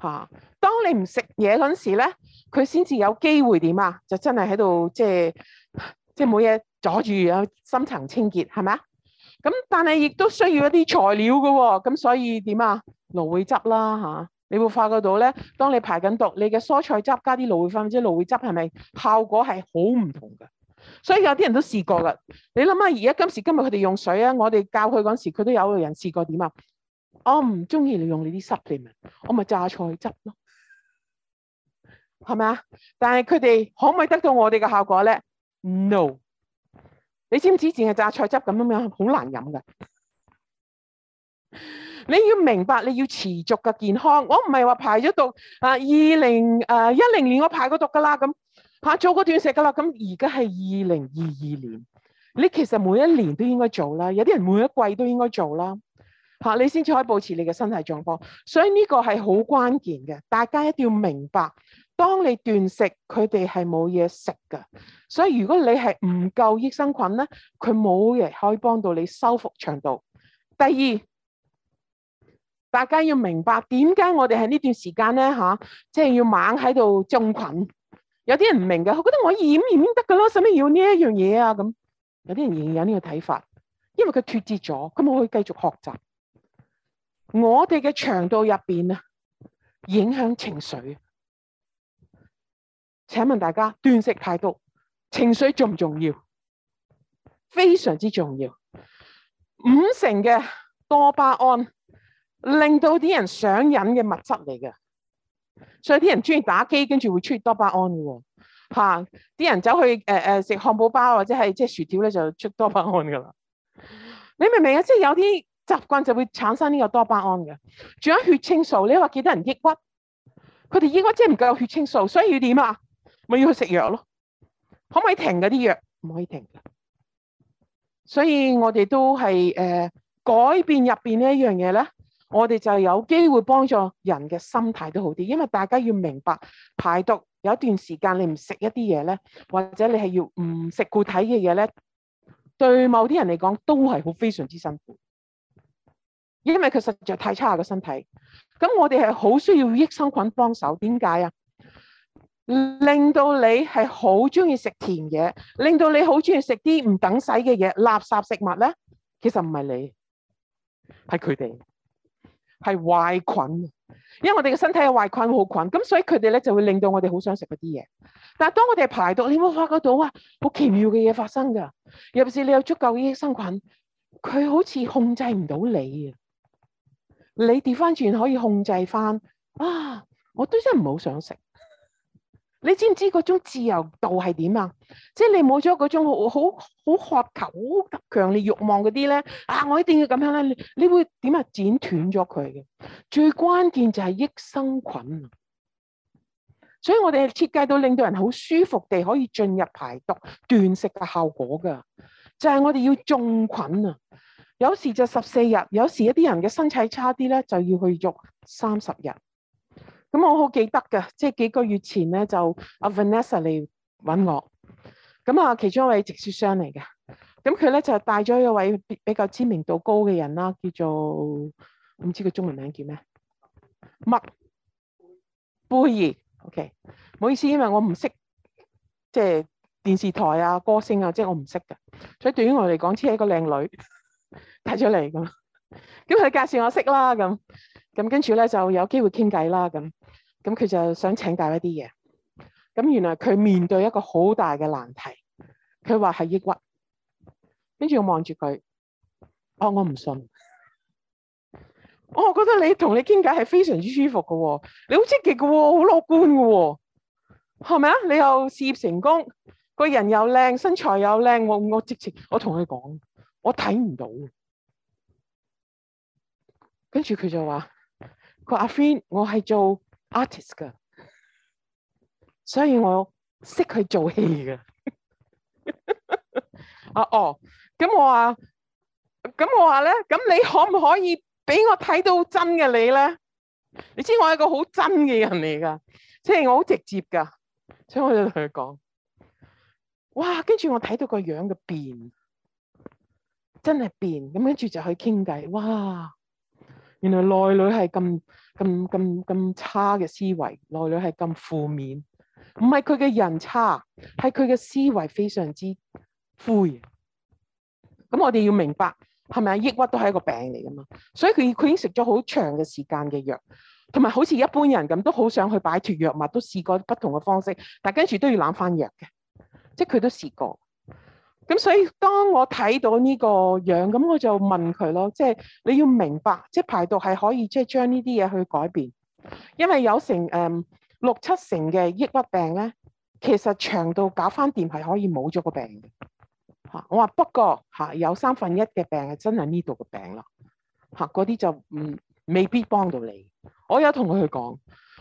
嚇、啊。當你唔食嘢嗰陣時咧，佢先至有機會點啊？就真係喺度即係即係冇嘢阻住啊，深層清潔係咪啊？咁但係亦都需要一啲材料嘅喎、哦。咁所以點啊？蘆薈汁啦嚇、啊，你會發覺到咧，當你排緊毒，你嘅蔬菜汁加啲蘆薈粉，即係蘆薈汁係咪效果係好唔同嘅？所以有啲人都試過啦，你諗下而家今時今日佢哋用水啊，我哋教佢嗰時，佢都有人試過點啊？我唔中意你用你啲 s u p 我咪榨菜汁咯，係咪啊？但係佢哋可唔可以得到我哋嘅效果咧？No，你知唔知淨係榨菜汁咁樣樣好難飲嘅？你要明白，你要持續嘅健康。我唔係話排咗毒啊，二零誒一零年我排過毒噶啦咁。拍做過斷食噶啦，咁而家係二零二二年，你其實每一年都應該做啦，有啲人每一季都應該做啦，吓，你先至可以保持你嘅身體狀況，所以呢個係好關鍵嘅，大家一定要明白。當你斷食，佢哋係冇嘢食噶，所以如果你係唔夠益生菌咧，佢冇嘢可以幫到你修復腸道。第二，大家要明白點解我哋喺呢段時間咧吓，即係要猛喺度種菌。有啲人唔明嘅，我覺得我染染得㗎囉，使乜要呢一樣嘢啊？咁有啲人仍然有呢個睇法，因為佢脫節咗，咁我可以繼續學習。我哋嘅腸道入邊啊，影響情緒。請問大家斷食排毒，情緒重唔重要？非常之重要。五成嘅多巴胺令到啲人上癮嘅物質嚟嘅。所以啲人中意打機，跟住會出多巴胺嘅吓。啲人走去誒誒食漢堡包或者係即係薯條咧，就出多巴胺噶啦。你明唔明啊？即係有啲習慣就會產生呢個多巴胺嘅。仲有血清素，你話幾多人抑鬱？佢哋抑鬱即係唔夠血清素，所以要點啊？咪要去食藥咯。可唔可以停嗰啲藥？唔可以停噶。所以我哋都係誒、呃、改變入邊呢一樣嘢咧。我哋就有機會幫助人嘅心態都好啲，因為大家要明白，排毒有一段時間你唔食一啲嘢咧，或者你係要唔食固體嘅嘢咧，對某啲人嚟講都係好非常之辛苦，因為佢實在太差個身體。咁我哋係好需要益生菌幫手，點解啊？令到你係好中意食甜嘢，令到你好中意食啲唔等使嘅嘢、垃圾食物咧，其實唔係你，係佢哋。係壞菌，因為我哋嘅身體有壞菌、好菌，咁所以佢哋咧就會令到我哋好想食嗰啲嘢。但係當我哋排毒，你會發覺到啊，好奇妙嘅嘢發生噶。尤其是你有足夠嘅益生菌，佢好似控制唔到你啊！你調翻轉可以控制翻啊！我都真係唔好想食。你知唔知嗰種自由度係點啊？即係你冇咗嗰種好好渴求、好強烈欲望嗰啲咧啊！我一定要咁樣咧，你會點啊？剪斷咗佢嘅最關鍵就係益生菌，所以我哋係設計到令到人好舒服地可以進入排毒斷食嘅效果噶，就係我哋要種菌啊！有時就十四日，有時一啲人嘅身體差啲咧，就要去喐三十日。咁我好記得嘅，即幾個月前呢，就阿 Vanessa 嚟搵我，咁啊其中一位直銷商嚟嘅。咁佢咧就帶咗一位比較知名度高嘅人啦，叫做唔知道中文名叫咩麥貝兒。OK，唔好意思，因為我唔識即係電視台啊、歌星啊，即、就是、我唔識嘅。所以對於我嚟講，只係一個靚女帶出嚟嘅。咁佢介紹我識啦，咁咁跟住咧就有機會傾偈啦，咁咁佢就想請教一啲嘢。咁原來佢面對一個好大嘅難題，佢話係抑鬱。跟住我望住佢，哦，我唔信。哦，我覺得你同你傾偈係非常之舒服噶喎，你好積極噶，好樂觀噶喎，係咪啊？你又事業成功，個人又靚，身材又靚，我我直情我同佢講，我睇唔到。跟住佢就話佢阿 friend，我係做 artist 噶，所以我識佢做戲噶。 [LAUGHS] [LAUGHS] 啊哦，咁我話，咁我話咧，咁你可唔可以俾我睇到真嘅你咧？你知我係一個好真嘅人嚟噶，即係我好直接噶。所以我就同佢講，哇！跟住我睇到個樣嘅變，真係變。咁跟住就去傾偈，哇！原來內裏係咁咁咁咁差嘅思維，內裏係咁負面，唔係佢嘅人差，係佢嘅思維非常之灰。咁我哋要明白係咪抑鬱都係一個病嚟㗎嘛，所以佢佢已經食咗好長嘅時間嘅藥，同埋好似一般人咁都好想去擺脫藥物，都試過不同嘅方式，但跟住都要攬返藥嘅，即係佢都試過。咁所以當我睇到呢個樣，咁我就問佢咯，即係你要明白，即係排毒係可以即係將呢啲嘢去改變，因為有成誒六七成嘅抑鬱病咧，其實長度搞翻掂係可以冇咗個病嘅。嚇！我話不過嚇，有三分一嘅病係真係呢度個病咯，嚇嗰啲就唔未必幫到你。我有同佢去講。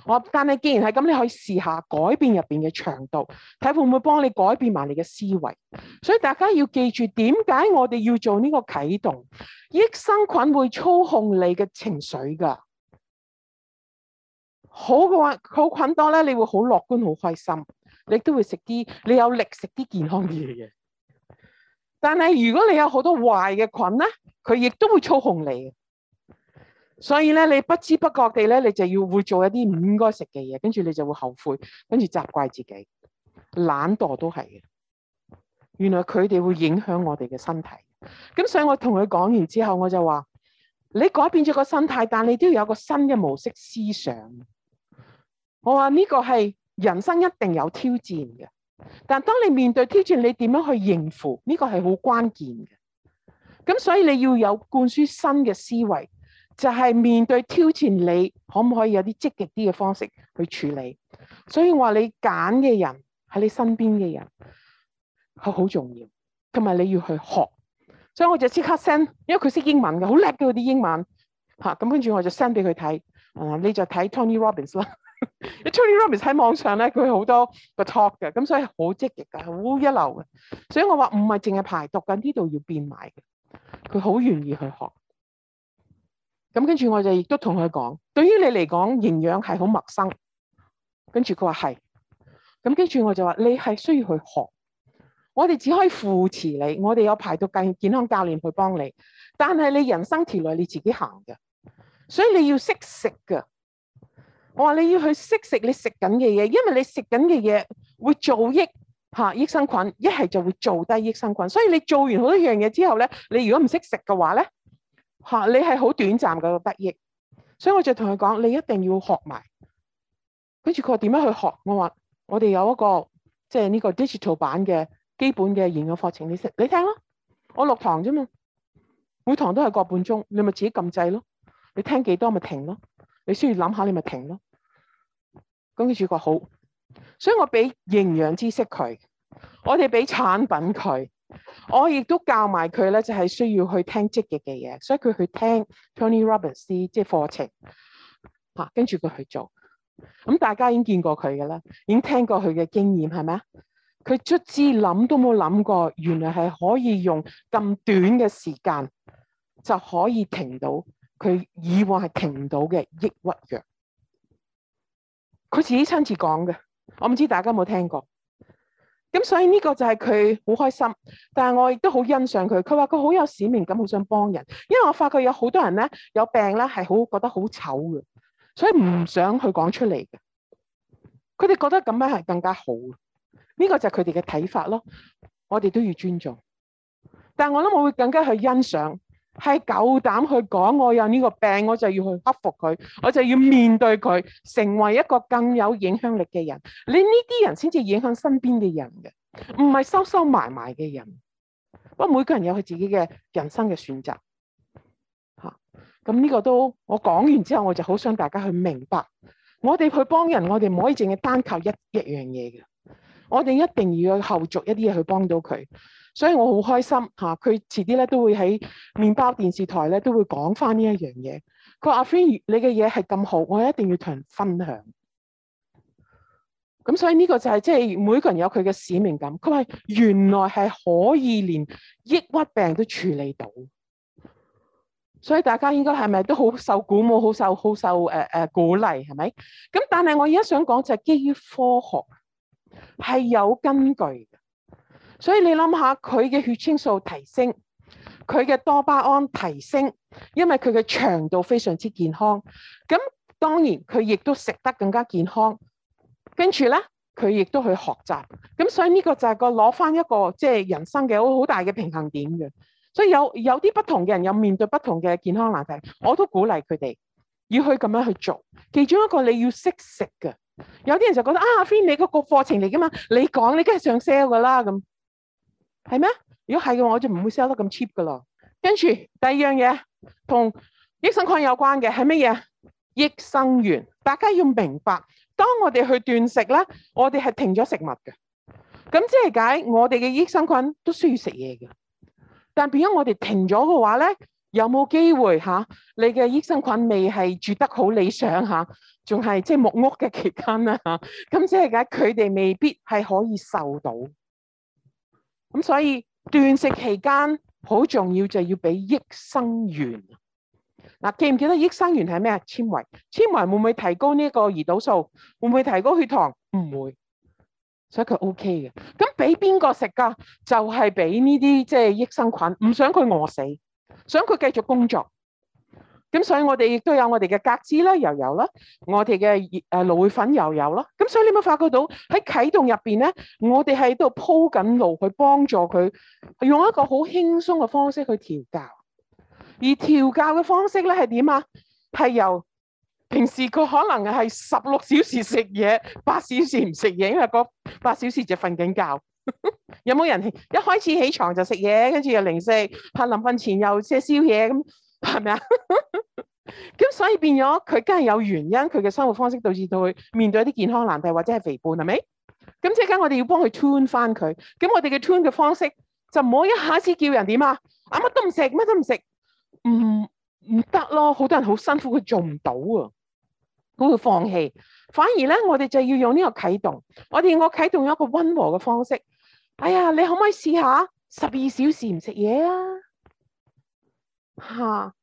我但係既然係咁，你可以試下改變入邊嘅長度，睇會唔會幫你改變埋你嘅思維。所以大家要記住，點解我哋要做呢個啟動？益生菌會操控你嘅情緒噶。好嘅話，好菌多咧，你會好樂觀、好開心，你都會食啲你有力食啲健康啲嘢嘅。但係如果你有好多壞嘅菌咧，佢亦都會操控你。所以咧，你不知不覺地咧，你就要會做一啲唔應該食嘅嘢，跟住你就會後悔，跟住責怪自己，懶惰都係嘅。原來佢哋會影響我哋嘅身體。咁所以我同佢講完之後，我就話：你改變咗個心態，但你都要有個新嘅模式思想。我話呢個係人生一定有挑戰嘅，但當你面對挑戰，你點樣去應付呢個係好關鍵嘅。咁所以你要有灌輸新嘅思維。就係、是、面對挑戰你，你可唔可以有啲積極啲嘅方式去處理？所以我話你揀嘅人喺你身邊嘅人係好重要，同埋你要去學。所以我就即刻 send，因為佢識英文嘅，好叻嘅嗰啲英文吓。咁跟住我就 send 俾佢睇，啊你就睇 Tony Robbins 啦。 [LAUGHS] Tony Robbins 喺網上咧，佢好多個 talk 嘅，咁所以好積極嘅，好一流嘅。所以我話唔係淨係排毒緊呢度要變埋，嘅，佢好願意去學。咁跟住我就亦都同佢講，對於你嚟講，營養係好陌生。跟住佢話係，咁跟住我就話你係需要去學。我哋只可以扶持你，我哋有排到計健康教練去幫你，但係你人生條路你自己行嘅，所以你要識食噶。我話你要去識食你食緊嘅嘢，因為你食緊嘅嘢會造益吓、啊、益生菌，一係就會造低益生菌。所以你做完好多樣嘢之後咧，你如果唔識食嘅話咧。嚇！你係好短暫嘅得益，所以我就同佢講：你一定要學埋。跟住佢話點樣去學？我話我哋有一個即係呢個 digital 版嘅基本嘅營養課程，你識你聽啦。我落堂啫嘛，每堂都係個半鐘，你咪自己撳掣咯。你聽幾多咪停咯，你需要諗下你咪停咯。咁佢就話好，所以我俾營養知識佢，我哋俾產品佢。我亦都教埋佢咧，就係需要去聽積極嘅嘢，所以佢去聽 Tony Robbins 嘅即係課程，吓，跟住佢去做。咁大家已經見過佢噶啦，已經聽過佢嘅經驗係咩？佢卒之諗都冇諗過，原來係可以用咁短嘅時間就可以停到佢以往係停唔到嘅抑鬱藥。佢自己親自講嘅，我唔知大家有冇聽過。咁所以呢個就係佢好開心，但係我亦都好欣賞佢。佢話佢好有使命感，好想幫人。因為我發覺有好多人咧有病咧係好覺得好醜嘅，所以唔想去講出嚟嘅。佢哋覺得咁樣係更加好，呢個就係佢哋嘅睇法咯。我哋都要尊重，但係我諗我會更加去欣賞。係夠膽去講，我有呢個病，我就要去克服佢，我就要面對佢，成為一個更有影響力嘅人。你呢啲人先至影響身邊嘅人嘅，唔係收收埋埋嘅人。不過每個人有佢自己嘅人生嘅選擇，吓咁呢個都我講完之後，我就好想大家去明白，我哋去幫人，我哋唔可以淨係單靠一一樣嘢嘅，我哋一定要去後續一啲嘢去幫到佢。所以我好開心嚇，佢、啊、遲啲咧都會喺麵包電視台咧都會講翻呢一樣嘢。佢話阿 f 你嘅嘢係咁好，我一定要同人分享。咁所以呢個就係即係每個人有佢嘅使命感。佢話原來係可以連抑鬱病都處理到，所以大家應該係咪都好受鼓舞，好受好受誒誒、uh, uh、鼓勵係咪？咁但係我而家想講就係基於科學係有根據嘅。所以你諗下，佢嘅血清素提升，佢嘅多巴胺提升，因為佢嘅腸道非常之健康。咁當然佢亦都食得更加健康，跟住咧佢亦都去學習。咁所以呢個就係個攞翻一個即係、就是、人生嘅好大嘅平衡點嘅。所以有有啲不同嘅人有面對不同嘅健康難題，我都鼓勵佢哋要去咁樣去做。其中一個你要識食嘅，有啲人就覺得啊，阿 f 你嗰個課程嚟噶嘛，你講你梗係上 sell 噶啦咁。係咩？如果係嘅話，我就唔會 sell 得咁 cheap 噶啦。跟住第二樣嘢，同益生菌有關嘅係乜嘢？益生元。大家要明白，當我哋去斷食咧，我哋係停咗食物嘅。咁即係解我哋嘅益生菌都需要食嘢嘅。但係變咗我哋停咗嘅話咧，有冇機會吓？你嘅益生菌未係住得好理想吓，仲係即係木屋嘅期間啦吓。咁即係解佢哋未必係可以受到。咁所以斷食期間好重要就係要俾益生元。嗱，記唔記得益生元係咩啊？纖維，纖維會唔會提高呢個胰島素？會唔會提高血糖？唔會，所以佢 OK 嘅。咁俾邊個食噶？就係俾呢啲即係益生菌，唔想佢餓死，想佢繼續工作。咁所以我哋亦都有我哋嘅格子啦，又有啦，我哋嘅誒蘆薈粉又有啦。咁所以你有冇發覺到喺啟動入邊咧，我哋喺度鋪緊路去幫助佢，用一個好輕鬆嘅方式去調教。而調教嘅方式咧係點啊？係由平時佢可能係十六小時食嘢，八小時唔食嘢，因為八小時就瞓緊覺。 [LAUGHS] 有冇人一開始起床就食嘢，跟住又零食，臨瞓前又食宵夜咁？係咪啊？咁 [LAUGHS] 所以變咗佢梗係有原因，佢嘅生活方式導致到佢面對一啲健康難題或者係肥胖，係咪？咁即刻我哋要幫佢 tune 翻佢。咁我哋嘅 tune 嘅方式就唔好一下子叫人點啊？啊乜都唔食，乜都唔食，唔唔得咯！好多人好辛苦，佢做唔到啊，佢會放棄。反而咧，我哋就要用呢個啟動。我哋用個啟動一個溫和嘅方式。哎呀，你可唔可以試下十二小時唔食嘢啊？吓、啊，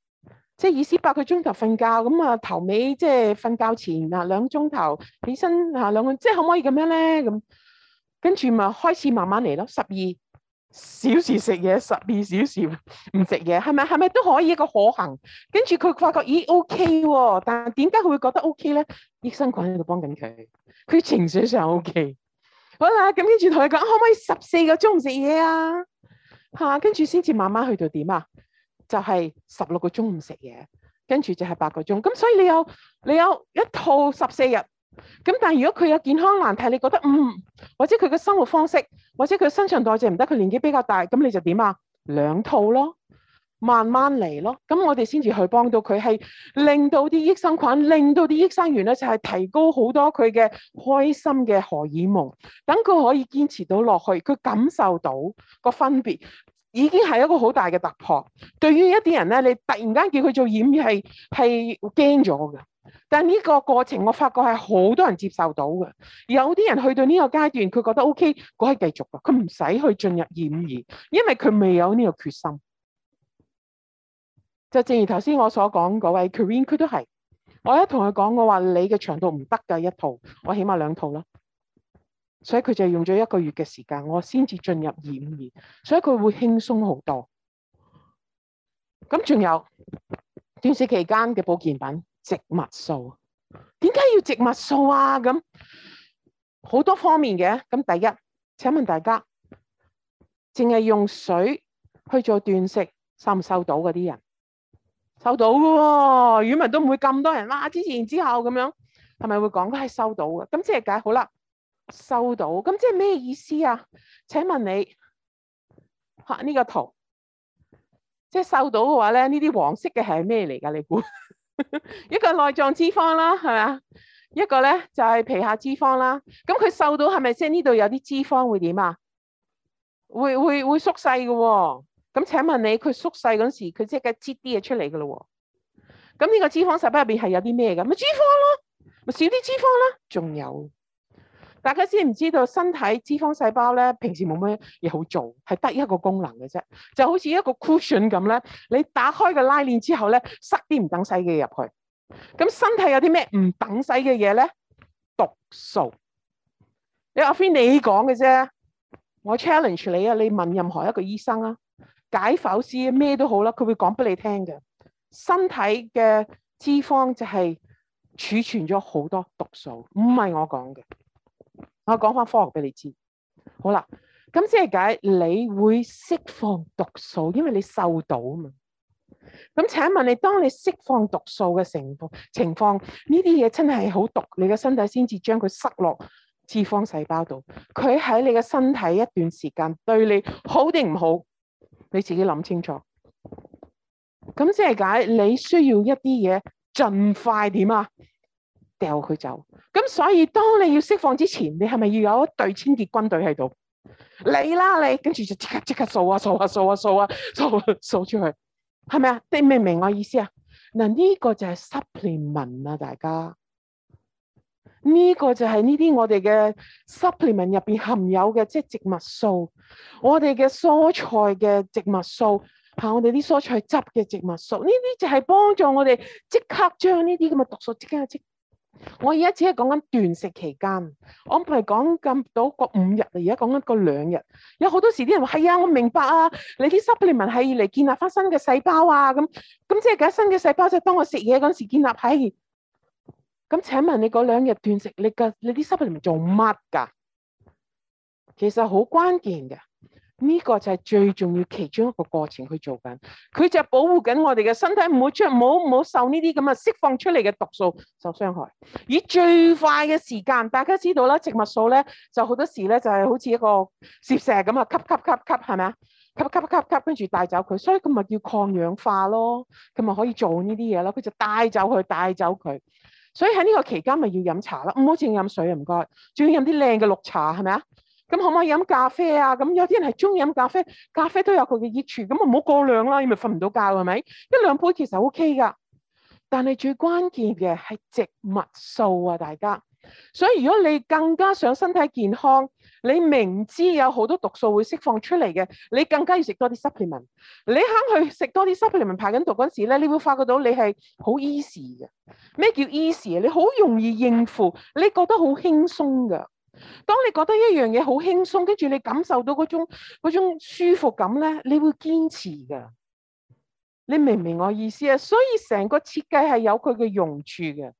即係意思八個鐘頭瞓覺咁啊，頭尾即係瞓覺前兩啊兩鐘頭起身啊兩個，即係可唔可以咁樣咧？咁、嗯、跟住咪開始慢慢嚟咯。十二小時食嘢，十二小時唔食嘢，係咪係咪都可以一個可行？跟住佢發覺咦，OK 喎，但係點解佢會覺得 OK 咧？醫生講喺度幫緊佢，佢情緒上 OK。好啦，咁跟住同佢講可唔可以十四個鐘唔食嘢啊？吓、啊，跟住先至慢慢去到點啊？就係十六個鐘唔食嘢，跟住就係八個鐘。咁所以你有你有一套十四日。咁但係如果佢有健康難題，你覺得嗯，或者佢嘅生活方式，或者佢新陳代謝唔得，佢年紀比較大，咁你就點啊？兩套咯，慢慢嚟咯。咁我哋先至去幫到佢，係令到啲益生菌，令到啲益生元咧，就係提高好多佢嘅開心嘅荷爾蒙。等佢可以堅持到落去，佢感受到個分別。已經係一個好大嘅突破。對於一啲人咧，你突然間叫佢做演繹，係係驚咗嘅。但係呢個過程，我發覺係好多人接受到嘅。有啲人去到呢個階段，佢覺得 OK，嗰係繼續㗎。佢唔使去進入演繹，因為佢未有呢個決心。就正如頭先我所講，嗰位 Karen 佢都係，我一同佢講，我話你嘅長度唔得㗎，一套我起碼兩套啦。所以佢就用咗一個月嘅時間，我先至進入二五二，2，所以佢會輕鬆好多。咁仲有斷食期間嘅保健品，植物素，點解要植物素啊？咁好多方面嘅。咁第一，請問大家，淨係用水去做斷食，收唔收到嗰啲人？收到嘅喎，哦，宇文都唔會咁多人。哇，啊！之前之後咁樣係咪會講？係收到嘅。咁即係解好啦。瘦到，咁即係咩意思啊？請問你，吓呢個圖，即係瘦到嘅話咧，呢啲黃色嘅係咩嚟噶？你估 [LAUGHS] 一個內臟脂肪啦，係咪啊？一個咧就係、是、皮下脂肪啦。咁佢瘦到係咪即係呢度有啲脂肪會點啊？會會會縮細嘅。咁請問你，佢縮細嗰時，佢即係擠啲嘢出嚟噶咯。咁呢個脂肪細胞入邊係有啲咩噶？咪脂肪咯，咪少啲脂肪啦，仲有。大家知唔知道，身體脂肪細胞咧，平時冇咩嘢好做，係得一個功能嘅啫，就好似一個 cushion 咁咧。你打開個拉鏈之後咧，塞啲唔等洗嘅嘢入去。咁身體有啲咩唔等洗嘅嘢咧？毒素。你説阿菲你講嘅啫，我 challenge 你啊！你問任何一個醫生啊，解剖師咩都好啦，佢會講俾你聽嘅。身體嘅脂肪就係儲存咗好多毒素，唔係我講嘅。我講翻科學俾你知，好啦，咁即係解你會釋放毒素，因為你瘦到嘛。咁請問你，當你釋放毒素嘅情況，呢啲嘢真係好毒，你嘅身體先至將佢塞落脂肪細胞度。佢喺你嘅身體一段時間對你好定唔好，你自己諗清楚。咁即係解你需要一啲嘢，盡快點啊？掉佢走，咁所以當你要釋放之前，你係咪要有一隊清潔軍隊喺度你啦？你跟住就即刻即刻掃啊掃啊掃啊掃啊掃掃出去，係咪啊？你明唔明我意思啊？嗱，呢個就係 supplement 啊，大家呢、呢個就係呢啲我哋嘅 supplement 入邊含有嘅，即係植物素，我哋嘅蔬菜嘅植物素，拍、啊、我哋啲蔬菜汁嘅植物素，呢啲就係幫助我哋即刻將呢啲咁嘅毒素即刻即我而家只係講緊斷食期間，我唔係講咁到過五日，而家講緊過兩日。有好多時啲人話係啊，我明白啊，你啲 supplement 係嚟建立翻新嘅細胞啊，咁咁即係而家新嘅細胞就係幫我食嘢嗰時建立喺。咁、哎、請問你嗰兩日斷食，你嘅你啲 supplement 做乜噶？其實好關鍵嘅。呢個就係最重要其中一個過程，去做緊，佢就保護緊我哋嘅身體，唔好將唔好唔好受呢啲咁啊釋放出嚟嘅毒素受傷害佐，以最快嘅時間。大家知道啦，植物素咧就好多時咧就係好似一個攝食咁啊，吸吸吸吸，係咪啊？吸吸吸吸，跟住帶走佢，所以佢咪叫抗氧化咯，佢咪可以做呢啲嘢咯，佢就帶走佢，帶走佢。所以喺呢個期間咪要飲茶啦，唔好淨飲水啊，唔該，仲要飲啲靚嘅綠茶，係咪啊？咁可唔可以飲咖啡啊？咁有啲人係中意飲咖啡，咖啡都有佢嘅益處，咁啊唔好過量啦，你咪瞓唔到覺係咪？一兩杯其實 OK 㗎，但係最關鍵嘅係植物素啊，大家。所以如果你更加想身體健康，你明知有好多毒素會釋放出嚟嘅，你更加要食多啲 supplement。你肯去食多啲 supplement 排緊毒嗰陣時咧，你會發覺到你係好 easy 嘅。咩叫 easy 啊？你好容易應付，你覺得好輕鬆㗎。當你覺得一樣嘢好輕鬆，跟住你感受到嗰種嗰種舒服感咧，你會堅持噶。你明唔明我意思啊？所以成個設計係有佢嘅用處嘅。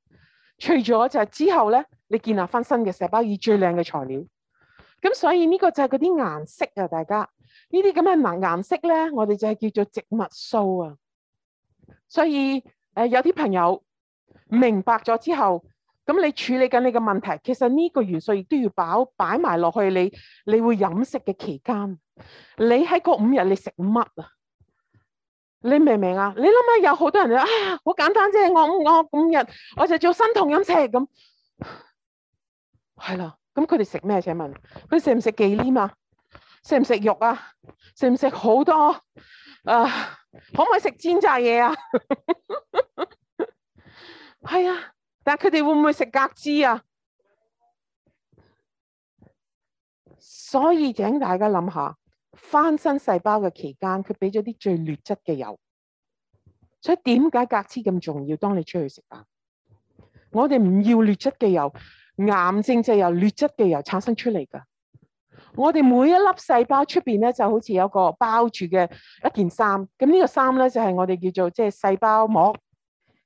除咗就係之後咧，你建立翻新嘅細胞以最靚嘅材料。咁所以呢個就係嗰啲顏色啊，大家呢啲咁嘅顏顏色咧，我哋就係叫做植物素啊。所以誒，有啲朋友明白咗之後。咁你處理緊你嘅問題，其實呢個元素亦都要擺擺埋落去。你你會飲食嘅期間，你喺嗰五日你食乜啊？你明唔明啊？你諗下有好多人啊，哎呀，好簡單啫！我我五日我就做生酮飲食咁，係啦。咁佢哋食咩？請問佢食唔食忌廉啊？食唔食肉啊？食唔食好多啊？哎呀，可唔可以食煎炸嘢啊？係啊。但係佢哋會唔會食格脂啊？所以請大家諗下，翻新細胞嘅期間，佢俾咗啲最劣質嘅油。所以點解格脂咁重要？當你出去食飯，我哋唔要劣質嘅油，癌症就由劣質嘅油，油產生出嚟㗎。我哋每一粒細胞出邊咧，面就好似有個包住嘅一件衫。咁呢個衫咧就係我哋叫做即係細胞膜。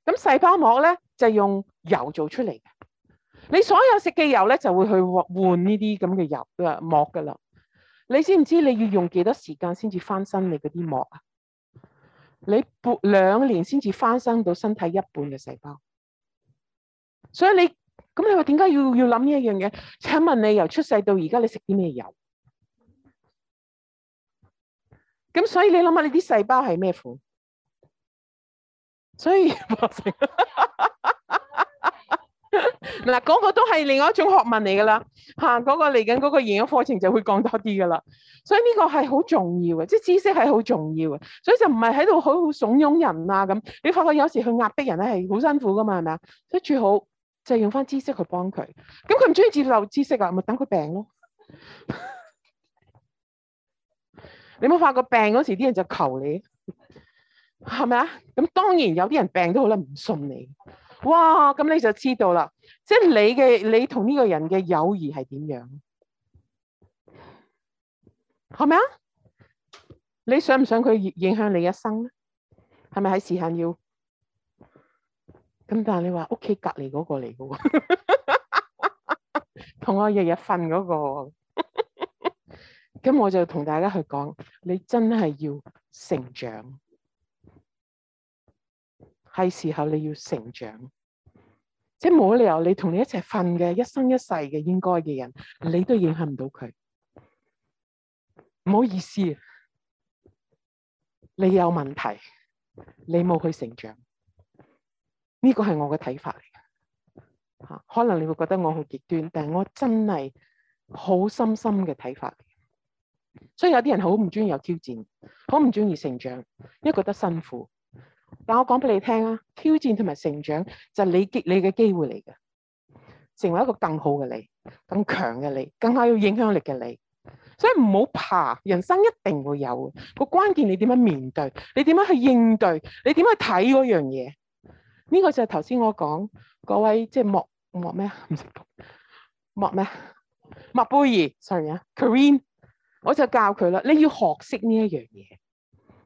咁細胞膜咧。就係，用油做出嚟嘅，你所有食嘅油咧，就會去換呢啲咁嘅油啊膜噶啦。你知唔知你要用幾多時間先至翻身你嗰啲膜啊？你半兩年先至翻身到身體一半嘅細胞，所以你咁你話點解要要諗呢一樣嘢？請問你由出世到而家，你食啲咩油？咁所以你諗下，你啲細胞係咩款？所以。 [LAUGHS] 嗱，嗰個都係另外一種學問嚟噶啦，吓嗰個嚟緊嗰個營養課程就會講多啲噶啦，所以呢個係好重要嘅，即係知識係好重要嘅，所以就唔係喺度好好慫恿人啊咁，你發覺有時去壓迫人咧係好辛苦噶嘛，係咪啊？所以最好就係用翻知識去幫佢，咁佢唔中意接受知識啊，咪等佢病咯。 [LAUGHS] 你冇發覺病嗰時啲人就求你，係咪啊？咁當然有啲人病都好啦，唔信你。哇，咁你就知道啦，即係你嘅，你同呢個人嘅友誼係點樣，係咪啊？你想唔想佢影響你一生咧？係咪喺時限要？咁但係你話屋企隔籬嗰個嚟嘅喎，同我日日瞓嗰個，咁我就同大家去講，你真係要成長。係時候你要成長，即係冇理由你同你一齊瞓嘅一生一世嘅應該嘅人，你都影響唔到佢。唔好意思，你有問題，你冇去成長。呢個係我嘅睇法嚟嘅，吓可能你會覺得我好極端，但係我真係好深深嘅睇法。所以有啲人好唔中意有挑戰，好唔中意成長，因為覺得辛苦。但我講俾你聽啊，挑戰同埋成長就係你激你嘅機會嚟嘅，成為一個更好嘅你，更強嘅你，更加有影響力嘅你。所以唔好怕，人生一定會有個關鍵，你點樣面對，你點樣去應對，你點樣去睇嗰樣嘢。呢、這個就係頭先我講，各位即係莫莫咩啊？唔識莫咩？莫貝爾 [LAUGHS] ，sorry 啊，Karen 我就教佢啦，你要學識呢一樣嘢。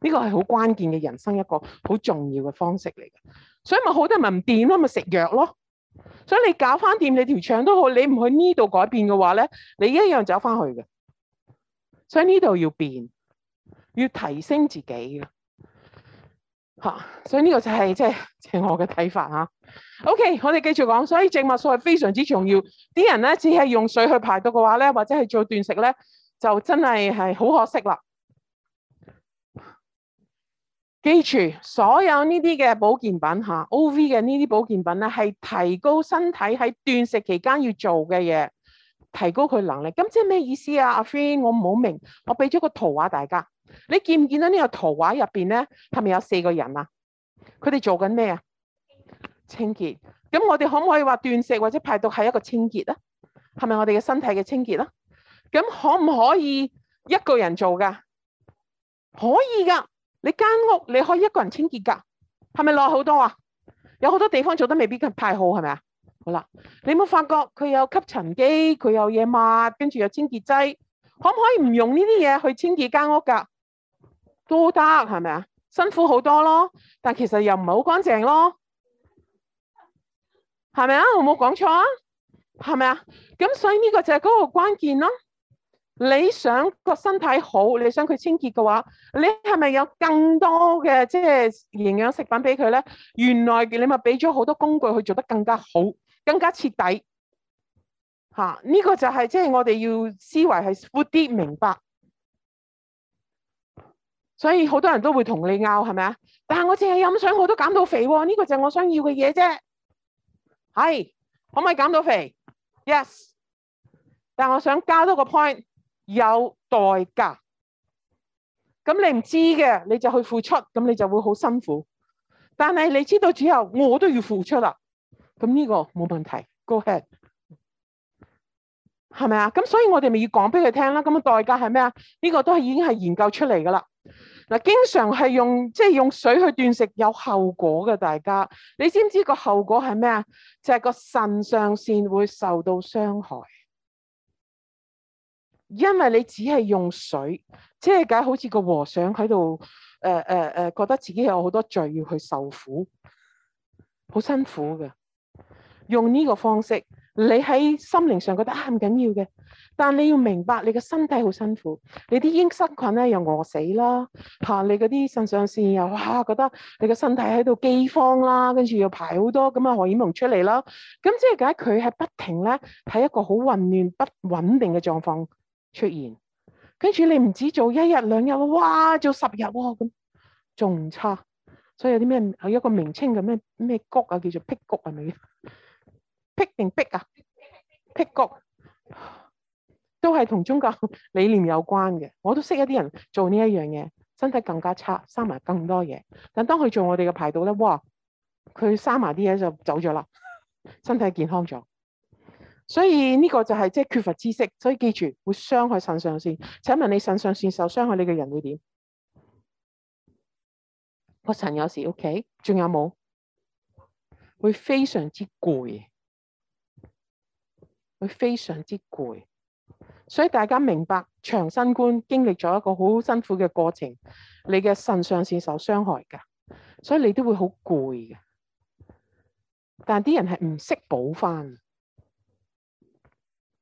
呢個係好關鍵嘅人生一個好重要嘅方式嚟嘅，所以咪好多人咪唔掂咯，咪食藥咯。所以你搞翻掂你條腸都好，你唔去呢度改變嘅話咧，你一樣走翻去嘅。所以呢度要變，要提升自己嘅。吓、啊，所以呢個就係即係我嘅睇法吓。OK，我哋繼續講，所以植物素係非常之重要。啲人咧只係用水去排毒嘅話咧，或者係做斷食咧，就真係係好可惜啦。記住所有呢啲嘅保健品吓，O V 嘅呢啲保健品咧，係提高身體喺斷食期間要做嘅嘢，提高佢能力。咁即係咩意思啊？阿 Free，我唔好明。我俾咗個圖畫大家，你見唔見到呢個圖畫入邊咧，係咪有四個人啊？佢哋做緊咩啊？清潔。咁我哋可唔可以話斷食或者排毒係一個清潔啊？係咪我哋嘅身體嘅清潔啊？咁可唔可以一個人做噶？可以噶。你間屋你可以一個人清潔㗎，係咪落好多啊？有好多地方做得未必咁太好，係咪啊？好啦，你冇發覺佢有吸塵機，佢有嘢抹，跟住有清潔劑，可唔可以唔用呢啲嘢去清潔間屋㗎？都得係咪啊？辛苦好多咯，但其實又唔係好乾淨咯，係咪啊？我冇講錯啊？係咪啊？咁所以呢個就係個關鍵咯。你想個身體好，你想佢清潔嘅話，你係咪有更多嘅即係營養食品俾佢咧？原來你咪俾咗好多工具去做得更加好，更加徹底吓。呢、啊這個就係即係我哋要思維係闊啲明白。所以好多人都會同你拗係咪啊？但係我淨係飲水想，我都減到肥喎。呢、這個就係我想要嘅嘢啫。係可唔可以減到肥？Yes，但係我想加多個 point。有代價，咁你唔知嘅，你就去付出，咁你就會好辛苦。但係你知道之後，我都要付出啦，咁呢個冇問題，Go ahead，係咪啊？咁所以我哋咪要講俾佢聽啦。咁啊，代價係咩啊？呢個都係已經係研究出嚟噶啦。嗱，經常係用即係、就是、用水去斷食，有後果噶。大家，你知唔知道個後果係咩啊？就係、是、個腎上腺會受到傷害。因為你只係用水，即係解好似個和尚喺度誒誒誒，覺得自己有好多罪要去受苦，好辛苦嘅。用呢個方式，你喺心靈上覺得啊唔緊要嘅，但你要明白你嘅身體好辛苦，你啲應激菌咧又餓死啦吓，你嗰啲腎上腺又哇覺得你個身體喺度饑荒啦，跟住要排好多咁嘅荷爾蒙出嚟啦，咁即係解佢係不停咧，喺一個好混亂不穩定嘅狀況。出現，跟住你唔止做一日兩日哇，做十日喎，咁仲唔差，所以有啲咩有一個名稱嘅咩咩谷啊，叫做辟谷，係咪辟定辟啊？辟谷都係同宗教理念有關嘅，我都識一啲人做呢一樣嘢，身體更加差，生埋更多嘢。但當佢做我哋嘅排毒咧，哇，佢生埋啲嘢就走咗啦，身體健康咗。所以呢、這個就是，就是缺乏知識，所以記住會傷害腎上腺。請問你腎上腺受傷害，你嘅人會點？我曾有事，OK？仲有冇？會非常之攰，會非常之攰。所以大家明白長生觀，經歷咗一個好辛苦嘅過程，你嘅腎上腺受傷害㗎，所以你都會好攰嘅。但啲人係唔識補翻。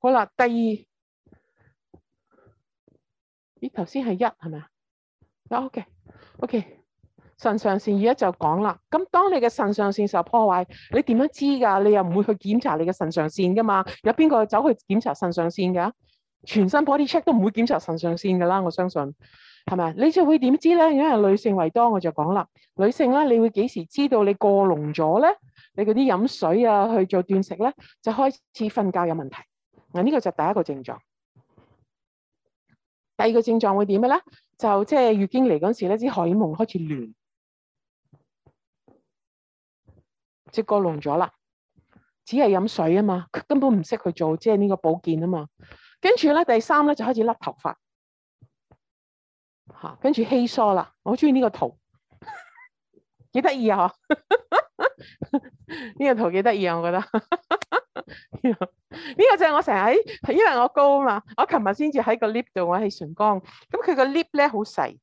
好啦，第二，咦，頭先係一係咪啊？OK，OK，腎上腺，而家就講啦。咁當你嘅腎上腺受破壞，你點樣知噶？你又唔會去檢查你嘅腎上腺噶嘛？有邊個走去檢查腎上腺噶？全身 body check 都唔會檢查腎上腺噶啦，我相信，係咪？你就會點知咧？因為女性為多，我就講啦，女性咧，你會幾時知道你過濃咗咧？你嗰啲飲水啊，去做斷食咧，就開始瞓覺有問題。嗱，呢個就係第一個症狀。第二個症狀會點嘅咧？就即係月經嚟嗰時咧，啲荷爾蒙開始亂，即係過隆咗啦。只係飲水啊嘛，佢根本唔識去做即係呢個保健啊嘛。跟住咧，第三咧就開始甩頭髮嚇，跟住稀疏啦。我好中意呢個圖幾得意啊！呢 [LAUGHS] 個圖幾得意啊！我覺得。 [LAUGHS] 呢、這個就係我成日喺，因為我高啊嘛，我琴日先至喺個 lift 度，我喺唇江。咁佢個 lift 咧好細，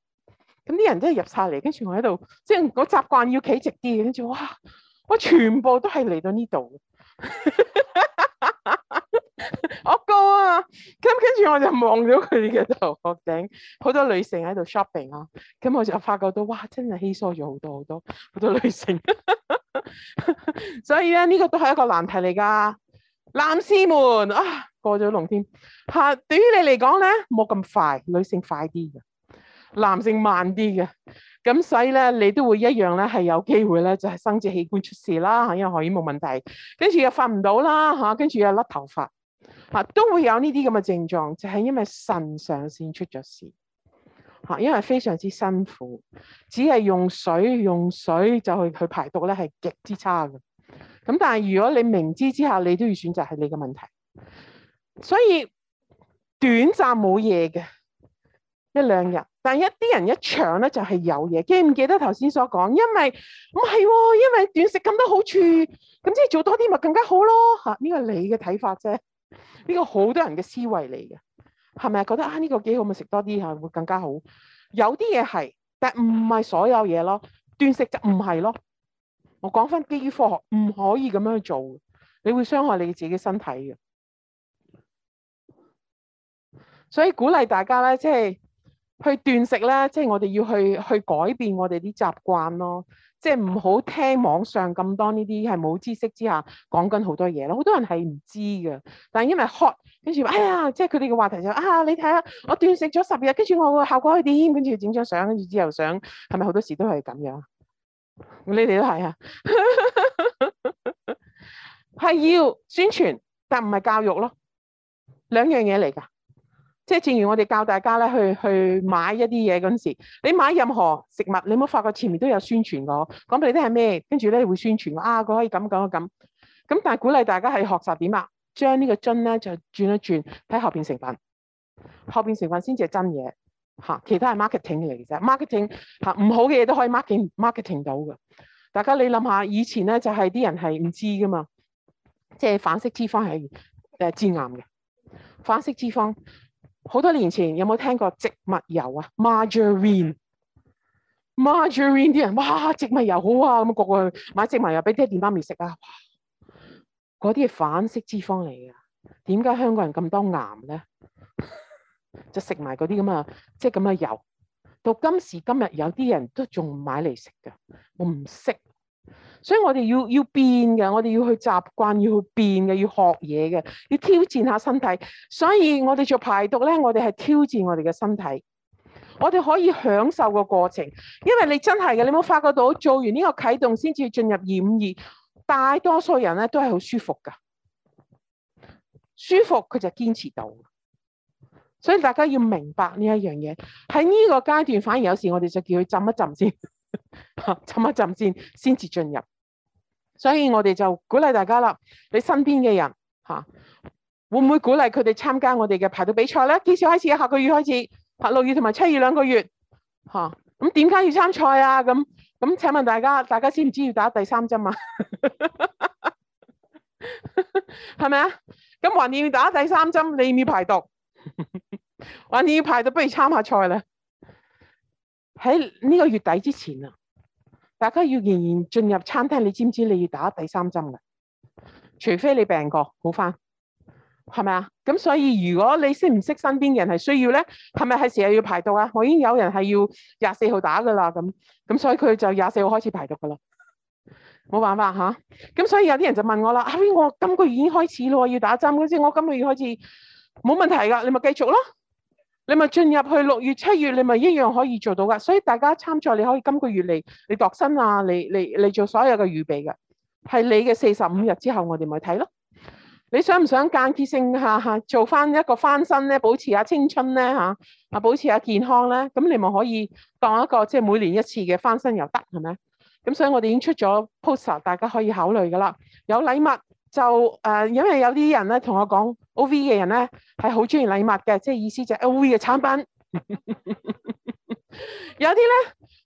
咁啲人都係入晒嚟，跟住我喺度，即係我習慣要企直啲，跟住哇，我全部都係嚟到呢度， [LAUGHS] 我高啊，咁跟住我就望咗佢哋嘅頭殼頂，好多女性喺度 shopping 啊，咁我就發覺到哇，真係稀疏咗好多好多好多、多女性， [LAUGHS] 所以咧呢、這個都係一個難題嚟噶。男士們啊，過咗龍天吓、啊，對於你嚟講咧，冇咁快，女性快啲嘅，男性慢啲嘅，咁所以咧，你都會一樣咧，係有機會咧，就係生殖器官出事啦吓，因為荷爾蒙問題，跟住又發唔到啦吓，跟、啊、住又甩頭髮吓、啊，都會有呢啲咁嘅症狀，就係、是、因為腎上腺出咗事吓、啊，因為非常之辛苦，只係用水用水就去去排毒咧，係極之差嘅。咁但係如果你明知之下，你都要選擇係你嘅問題。所以短暫冇嘢嘅一兩日，但係一啲人一長咧就係有嘢。記唔記得頭先所講？因為唔係喎，因為斷食咁多好處，咁即係做多啲咪更加好咯？吓、啊，呢個係你嘅睇法啫。呢個好多人嘅思維嚟嘅，係咪啊？覺得啊呢、呢個幾好，咪食多啲吓，會更加好。有啲嘢係，但唔係所有嘢咯。斷食就唔係咯。我講翻基於科學，唔可以咁樣去做，你會傷害你自己的身體嘅。所以鼓勵大家咧，即係去斷食咧，即係我哋要去去改變我哋啲習慣咯。即係唔好聽網上咁多呢啲係冇知識之下講緊好多嘢咯。好多人係唔知嘅，但係因為 hot 跟住話，哎呀，即係佢哋嘅話題就啊，你睇下我斷食咗十日，跟住我個效果係點？跟住整張相，跟住之後想係咪好多時都係咁樣？你哋都係啊，係 [LAUGHS] 要宣傳，但唔係教育咯，兩樣嘢嚟噶。即係正如我哋教大家咧，去去買一啲嘢嗰陣時，你買任何食物，你冇發覺前面都有宣傳，講俾你啲係咩，跟住咧會宣傳啊，佢可以咁咁咁。咁但係鼓勵大家係學習點啊，將呢個樽咧就轉一轉，睇後邊成分，後邊成分先至係真嘢。嚇，其他係 marketing 嚟啫，marketing 嚇，唔好嘅嘢都可以 marketing marketing 到嘅。大家你諗下，以前咧就係啲人係唔知噶嘛，即係反式脂肪係誒致癌嘅。反式脂肪好多年前有冇聽過植物油啊？Margarine，Margarine 啲人哇，植物油好啊，咁過去買植物油俾爹哋媽咪食啊，嗰啲係反式脂肪嚟㗎，點解香港人咁多癌咧？就食埋嗰啲咁啊，即係咁嘅油。到今時今日，有啲人都仲買嚟食噶。我唔識，所以我哋要要變嘅，我哋要去習慣，要去變嘅，要學嘢嘅，要挑戰下身體。所以我哋做排毒咧，我哋係挑戰我哋嘅身體。我哋可以享受個過程，因為你真係嘅，你冇發覺到做完呢個啟動，先至進入二五二。大多數人咧都係好舒服噶，舒服佢就堅持到。所以大家要明白呢一樣嘢，喺呢個階段反而有時我哋就叫佢浸一浸先，浸一浸先先至進入。所以我哋就鼓勵大家啦，你身邊嘅人嚇，會唔會鼓勵佢哋參加我哋嘅排毒比賽咧？幾時開始啊？下個月開始，拍六月同埋七月兩個月嚇。咁點解要參賽啊？咁咁請問大家，大家知唔知要打第三針啊？係咪啊？咁還要打第三針，你要唔要排毒？話 [LAUGHS] 你要排毒，不如參下賽啦。喺呢個月底之前啊，大家要仍然進入餐廳。你知唔知你要打第三針嘅？除非你病過好返，係咪啊？咁所以如果你識唔識身邊人係需要咧，係咪係成日要排毒啊？我已經有人係要廿四號打噶啦，咁咁所以佢就廿四號開始排毒噶啦，冇辦法吓。咁、啊、所以有啲人就問我啦、啊：，我今個月已經開始咯，要打針嗰陣，我今個月開始。冇問題噶，你咪繼續咯，你咪進入去六月七月，你咪一樣可以做到噶。所以大家參賽，你可以今個月嚟，你度身啊，你你你做所有嘅預備噶，係你嘅四十五日之後，我哋咪睇咯。你想唔想間歇性做翻一個翻身咧，保持下青春咧吓，啊保持下健康咧？咁你咪可以當一個即係、就是、每年一次嘅翻身又得係咪？咁所以我哋已經出咗 poster，大家可以考慮噶啦。有禮物就誒，因為有啲人咧同我講。O.V 嘅人咧，係好中意禮物嘅，即係意思就係 O.V 嘅產品。 [LAUGHS] 有啲咧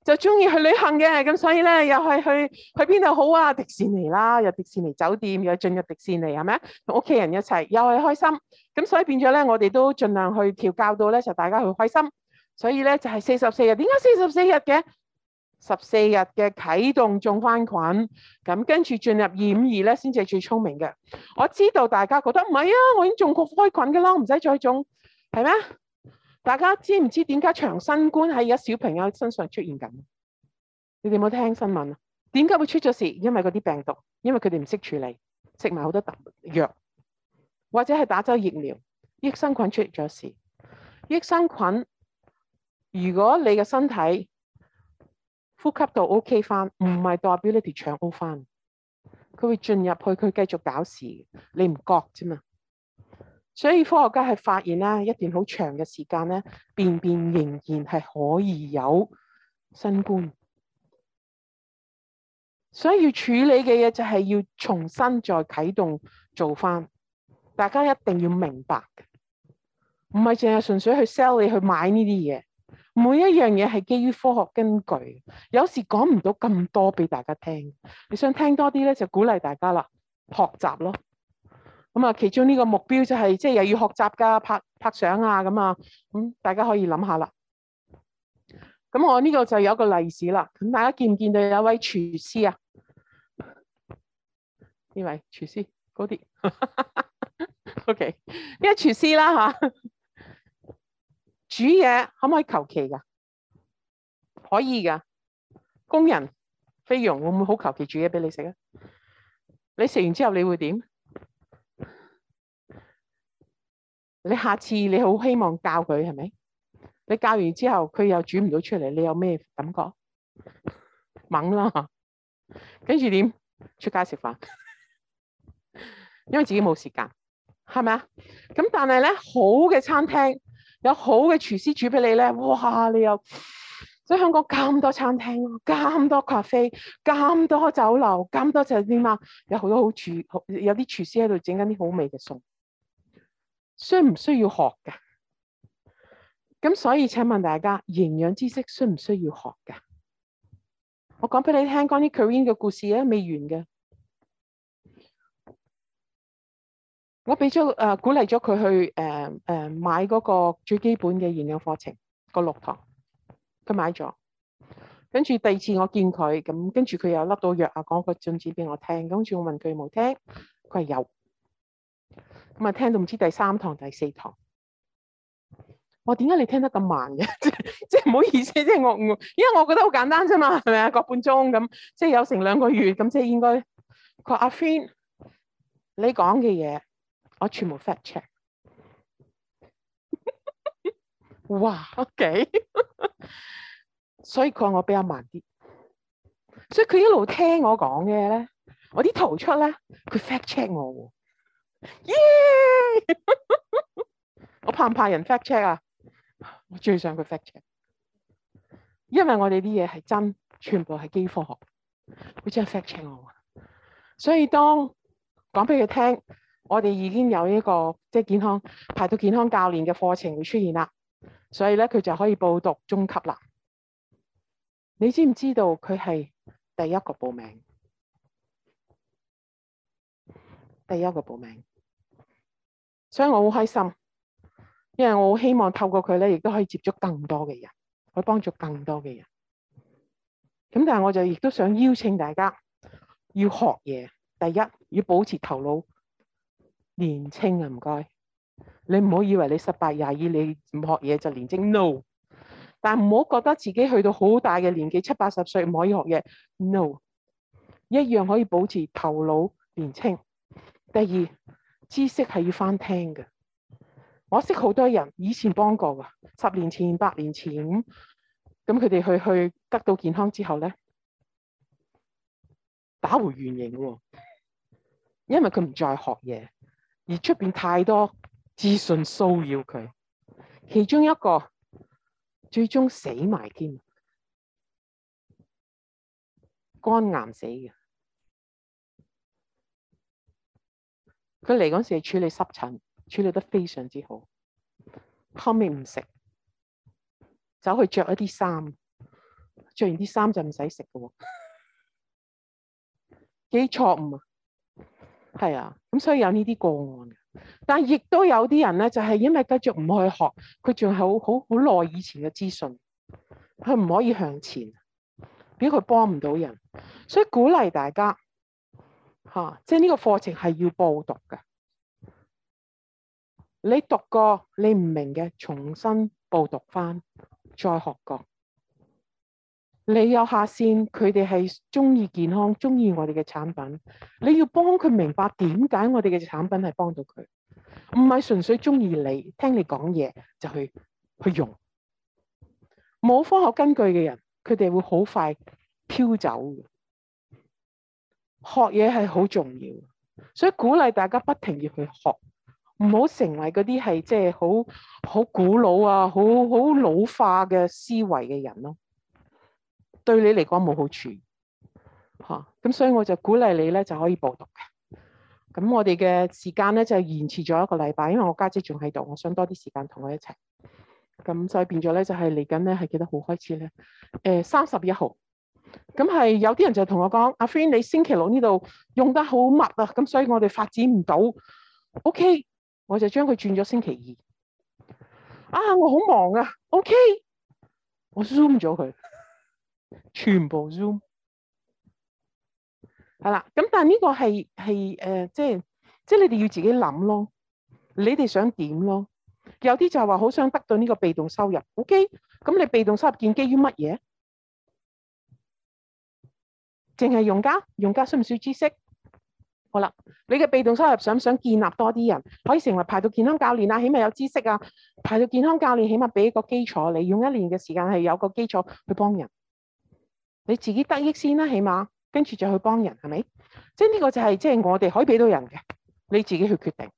就中意去旅行嘅，咁所以咧又係去去邊度好啊？迪士尼啦，有迪士尼酒店，又進入迪士尼係咪？同屋企人一齊又係開心，咁所以變咗咧，我哋都盡量去調教到咧就大家去開心。所以咧就係四十四日，點解四十四日嘅？十四日嘅啟動種番菌，咁跟住進入掩耳咧，先至係最聰明嘅。我知道大家覺得唔係啊，我已經種過番菌嘅啦，唔使再種，係咩？大家知唔知點解長新冠喺而家小朋友身上出現緊？你哋有冇聽新聞啊？點解會出咗事？因為嗰啲病毒，因為佢哋唔識處理，食埋好多藥，或者係打咗疫苗，益生菌出咗事。益生菌，如果你嘅身體，呼吸道 OK 翻，唔係代表你條腸好翻，佢會進入去佢繼續搞事，你唔覺啫嘛？所以科學家係發現咧，一段好長嘅時間咧，便便仍然係可以有新冠。所以要處理嘅嘢就係要重新再啟動做翻，大家一定要明白，唔係淨係純粹去 sell 你去買呢啲嘢。每一樣嘢，係基於科學根據，有時講唔到咁多俾大家聽。你想聽多啲咧，就鼓勵大家啦，學習咯。咁啊，其中呢個目標就係即係又要學習噶，拍拍相啊咁啊。咁大家可以諗下啦。咁我呢個就有一個例子啦。咁大家見唔見到有位廚師啊？呢位廚師，嗰啲 [LAUGHS] ，OK，呢個廚師啦吓。煮嘢可唔可以求其㗎？可以㗎。工人菲傭會唔會好求其煮嘢畀你食啊？你食完之後你會點？你下次你好希望教佢係咪？你教完之後佢又煮唔到出嚟，你有咩感覺？猛啦！跟住點？出街食飯， [LAUGHS] 因為自己冇時間，係咪啊？咁但係咧，好嘅餐廳。有好嘅廚師煮俾你咧，哇！你又所以香港咁多餐廳，咁多咖啡，咁多酒樓，咁多酒店呀？有好多好廚，有啲廚師喺度整緊啲好味嘅餸，需唔需要學㗎？咁所以請問大家，營養知識需唔需要學㗎？我講俾你聽，講啲 Karine 嘅故事咧，未完嘅。我俾咗誒鼓勵咗佢去誒誒、呃呃、買嗰個最基本嘅營養課程個六堂，佢買咗。跟住第二次我見佢，咁跟住佢又笠到藥啊，講個進展俾我聽。跟住我問佢冇聽，佢係有。咁啊聽到唔知第三堂第四堂。我點解你聽得咁慢嘅？即係即係唔好意思，即、就是、我我，因為我覺得好簡單啫嘛，係咪啊個半鐘咁，即有成兩個月咁，即應該佢話阿 Finn，你講嘅嘢。我全部 fact check，哇，OK，所以佢話我比較慢啲，所以佢一路聽我講嘅咧，我啲圖出咧，佢 fact check 我，耶，我怕唔怕人 fact check 啊？我最想佢 fact check，因為我哋啲嘢係真，全部係基礎科學，佢真係 fact check 我，所以當講俾佢聽。我哋已經有一個即係、就是、健康排毒健康教練嘅課程會出現啦，所以咧佢就可以報讀中級啦。你知唔知道佢係第一個報名？第一個報名，所以我好開心，因為我好希望透過佢咧，亦都可以接觸更多嘅人，去幫助更多嘅人。咁但係我就亦都想邀請大家要學嘢，第一要保持頭腦年青啊，唔該，你唔好以為你十八廿二,二你唔學嘢就年青，no。但唔好覺得自己去到好大嘅年紀，七八十歲唔可以學嘢，no，一樣可以保持頭腦年青。第二，知識係要翻聽嘅。我識好多人，以前幫過噶，十年前，八年前咁，佢哋去去得到健康之後咧，打回原形喎，因為佢唔再學嘢。而出面太多資訊騷擾佢，其中一個最終死埋添，肝癌死嘅。佢嚟嗰時係處理濕疹，處理得非常之好。後尾唔食，走去着一啲衫，着完啲衫就唔使食嘅喎， [LAUGHS] 幾錯誤啊！係啊，咁所以有呢啲個案，但係亦都有啲人咧，就係因為繼續唔去學，佢仲係好好好耐以前嘅資訊，佢唔可以向前，俾佢幫唔到人，所以鼓勵大家嚇，即係呢個課程係要報讀嘅，你讀過你唔明嘅，重新報讀翻再學過。你有下線，佢哋係中意健康，中意我哋嘅產品。你要幫佢明白點解我哋嘅產品係幫到佢，唔係純粹中意你，聽你講嘢就去去用。冇科學根據嘅人，佢哋會好快飄走嘅。學嘢係好重要，所以鼓勵大家不停要去學，唔好成為嗰啲係即係好好古老啊，好好老化嘅思維嘅人咯。對你嚟講冇好處，嚇、啊、咁所以我就鼓勵你咧就可以報讀嘅。咁我哋嘅時間咧就延遲咗一個禮拜，因為我家姐仲喺度，我想多啲時間同佢一齊。咁所以變咗咧就係嚟緊咧係幾多號開始咧？誒三十一號，咁係有啲人就同我講：阿 friend 你星期六呢度用得好密啊！咁所以我哋發展唔到。OK，我就將佢轉咗星期二。啊，我好忙啊。OK，我 zoom 咗佢。全部 Zoom，係啦，咁但係呢個係係誒，即係即係你哋要自己諗咯，你哋想點咯？有啲就係話好想得到呢個被動收入，OK？咁你被動收入建基於乜嘢？淨係用家，用家需唔需要知識？好啦，你嘅被動收入想唔想建立多啲人，可以成為排到健康教練啊？起碼有知識啊，排到健康教練起碼俾一個基礎，你用一年嘅時間係有個基礎去幫人。你自己得益先啦，起碼，跟住再去幫人，係咪？即係呢個就係即係我哋可以俾到人嘅，你自己去決定。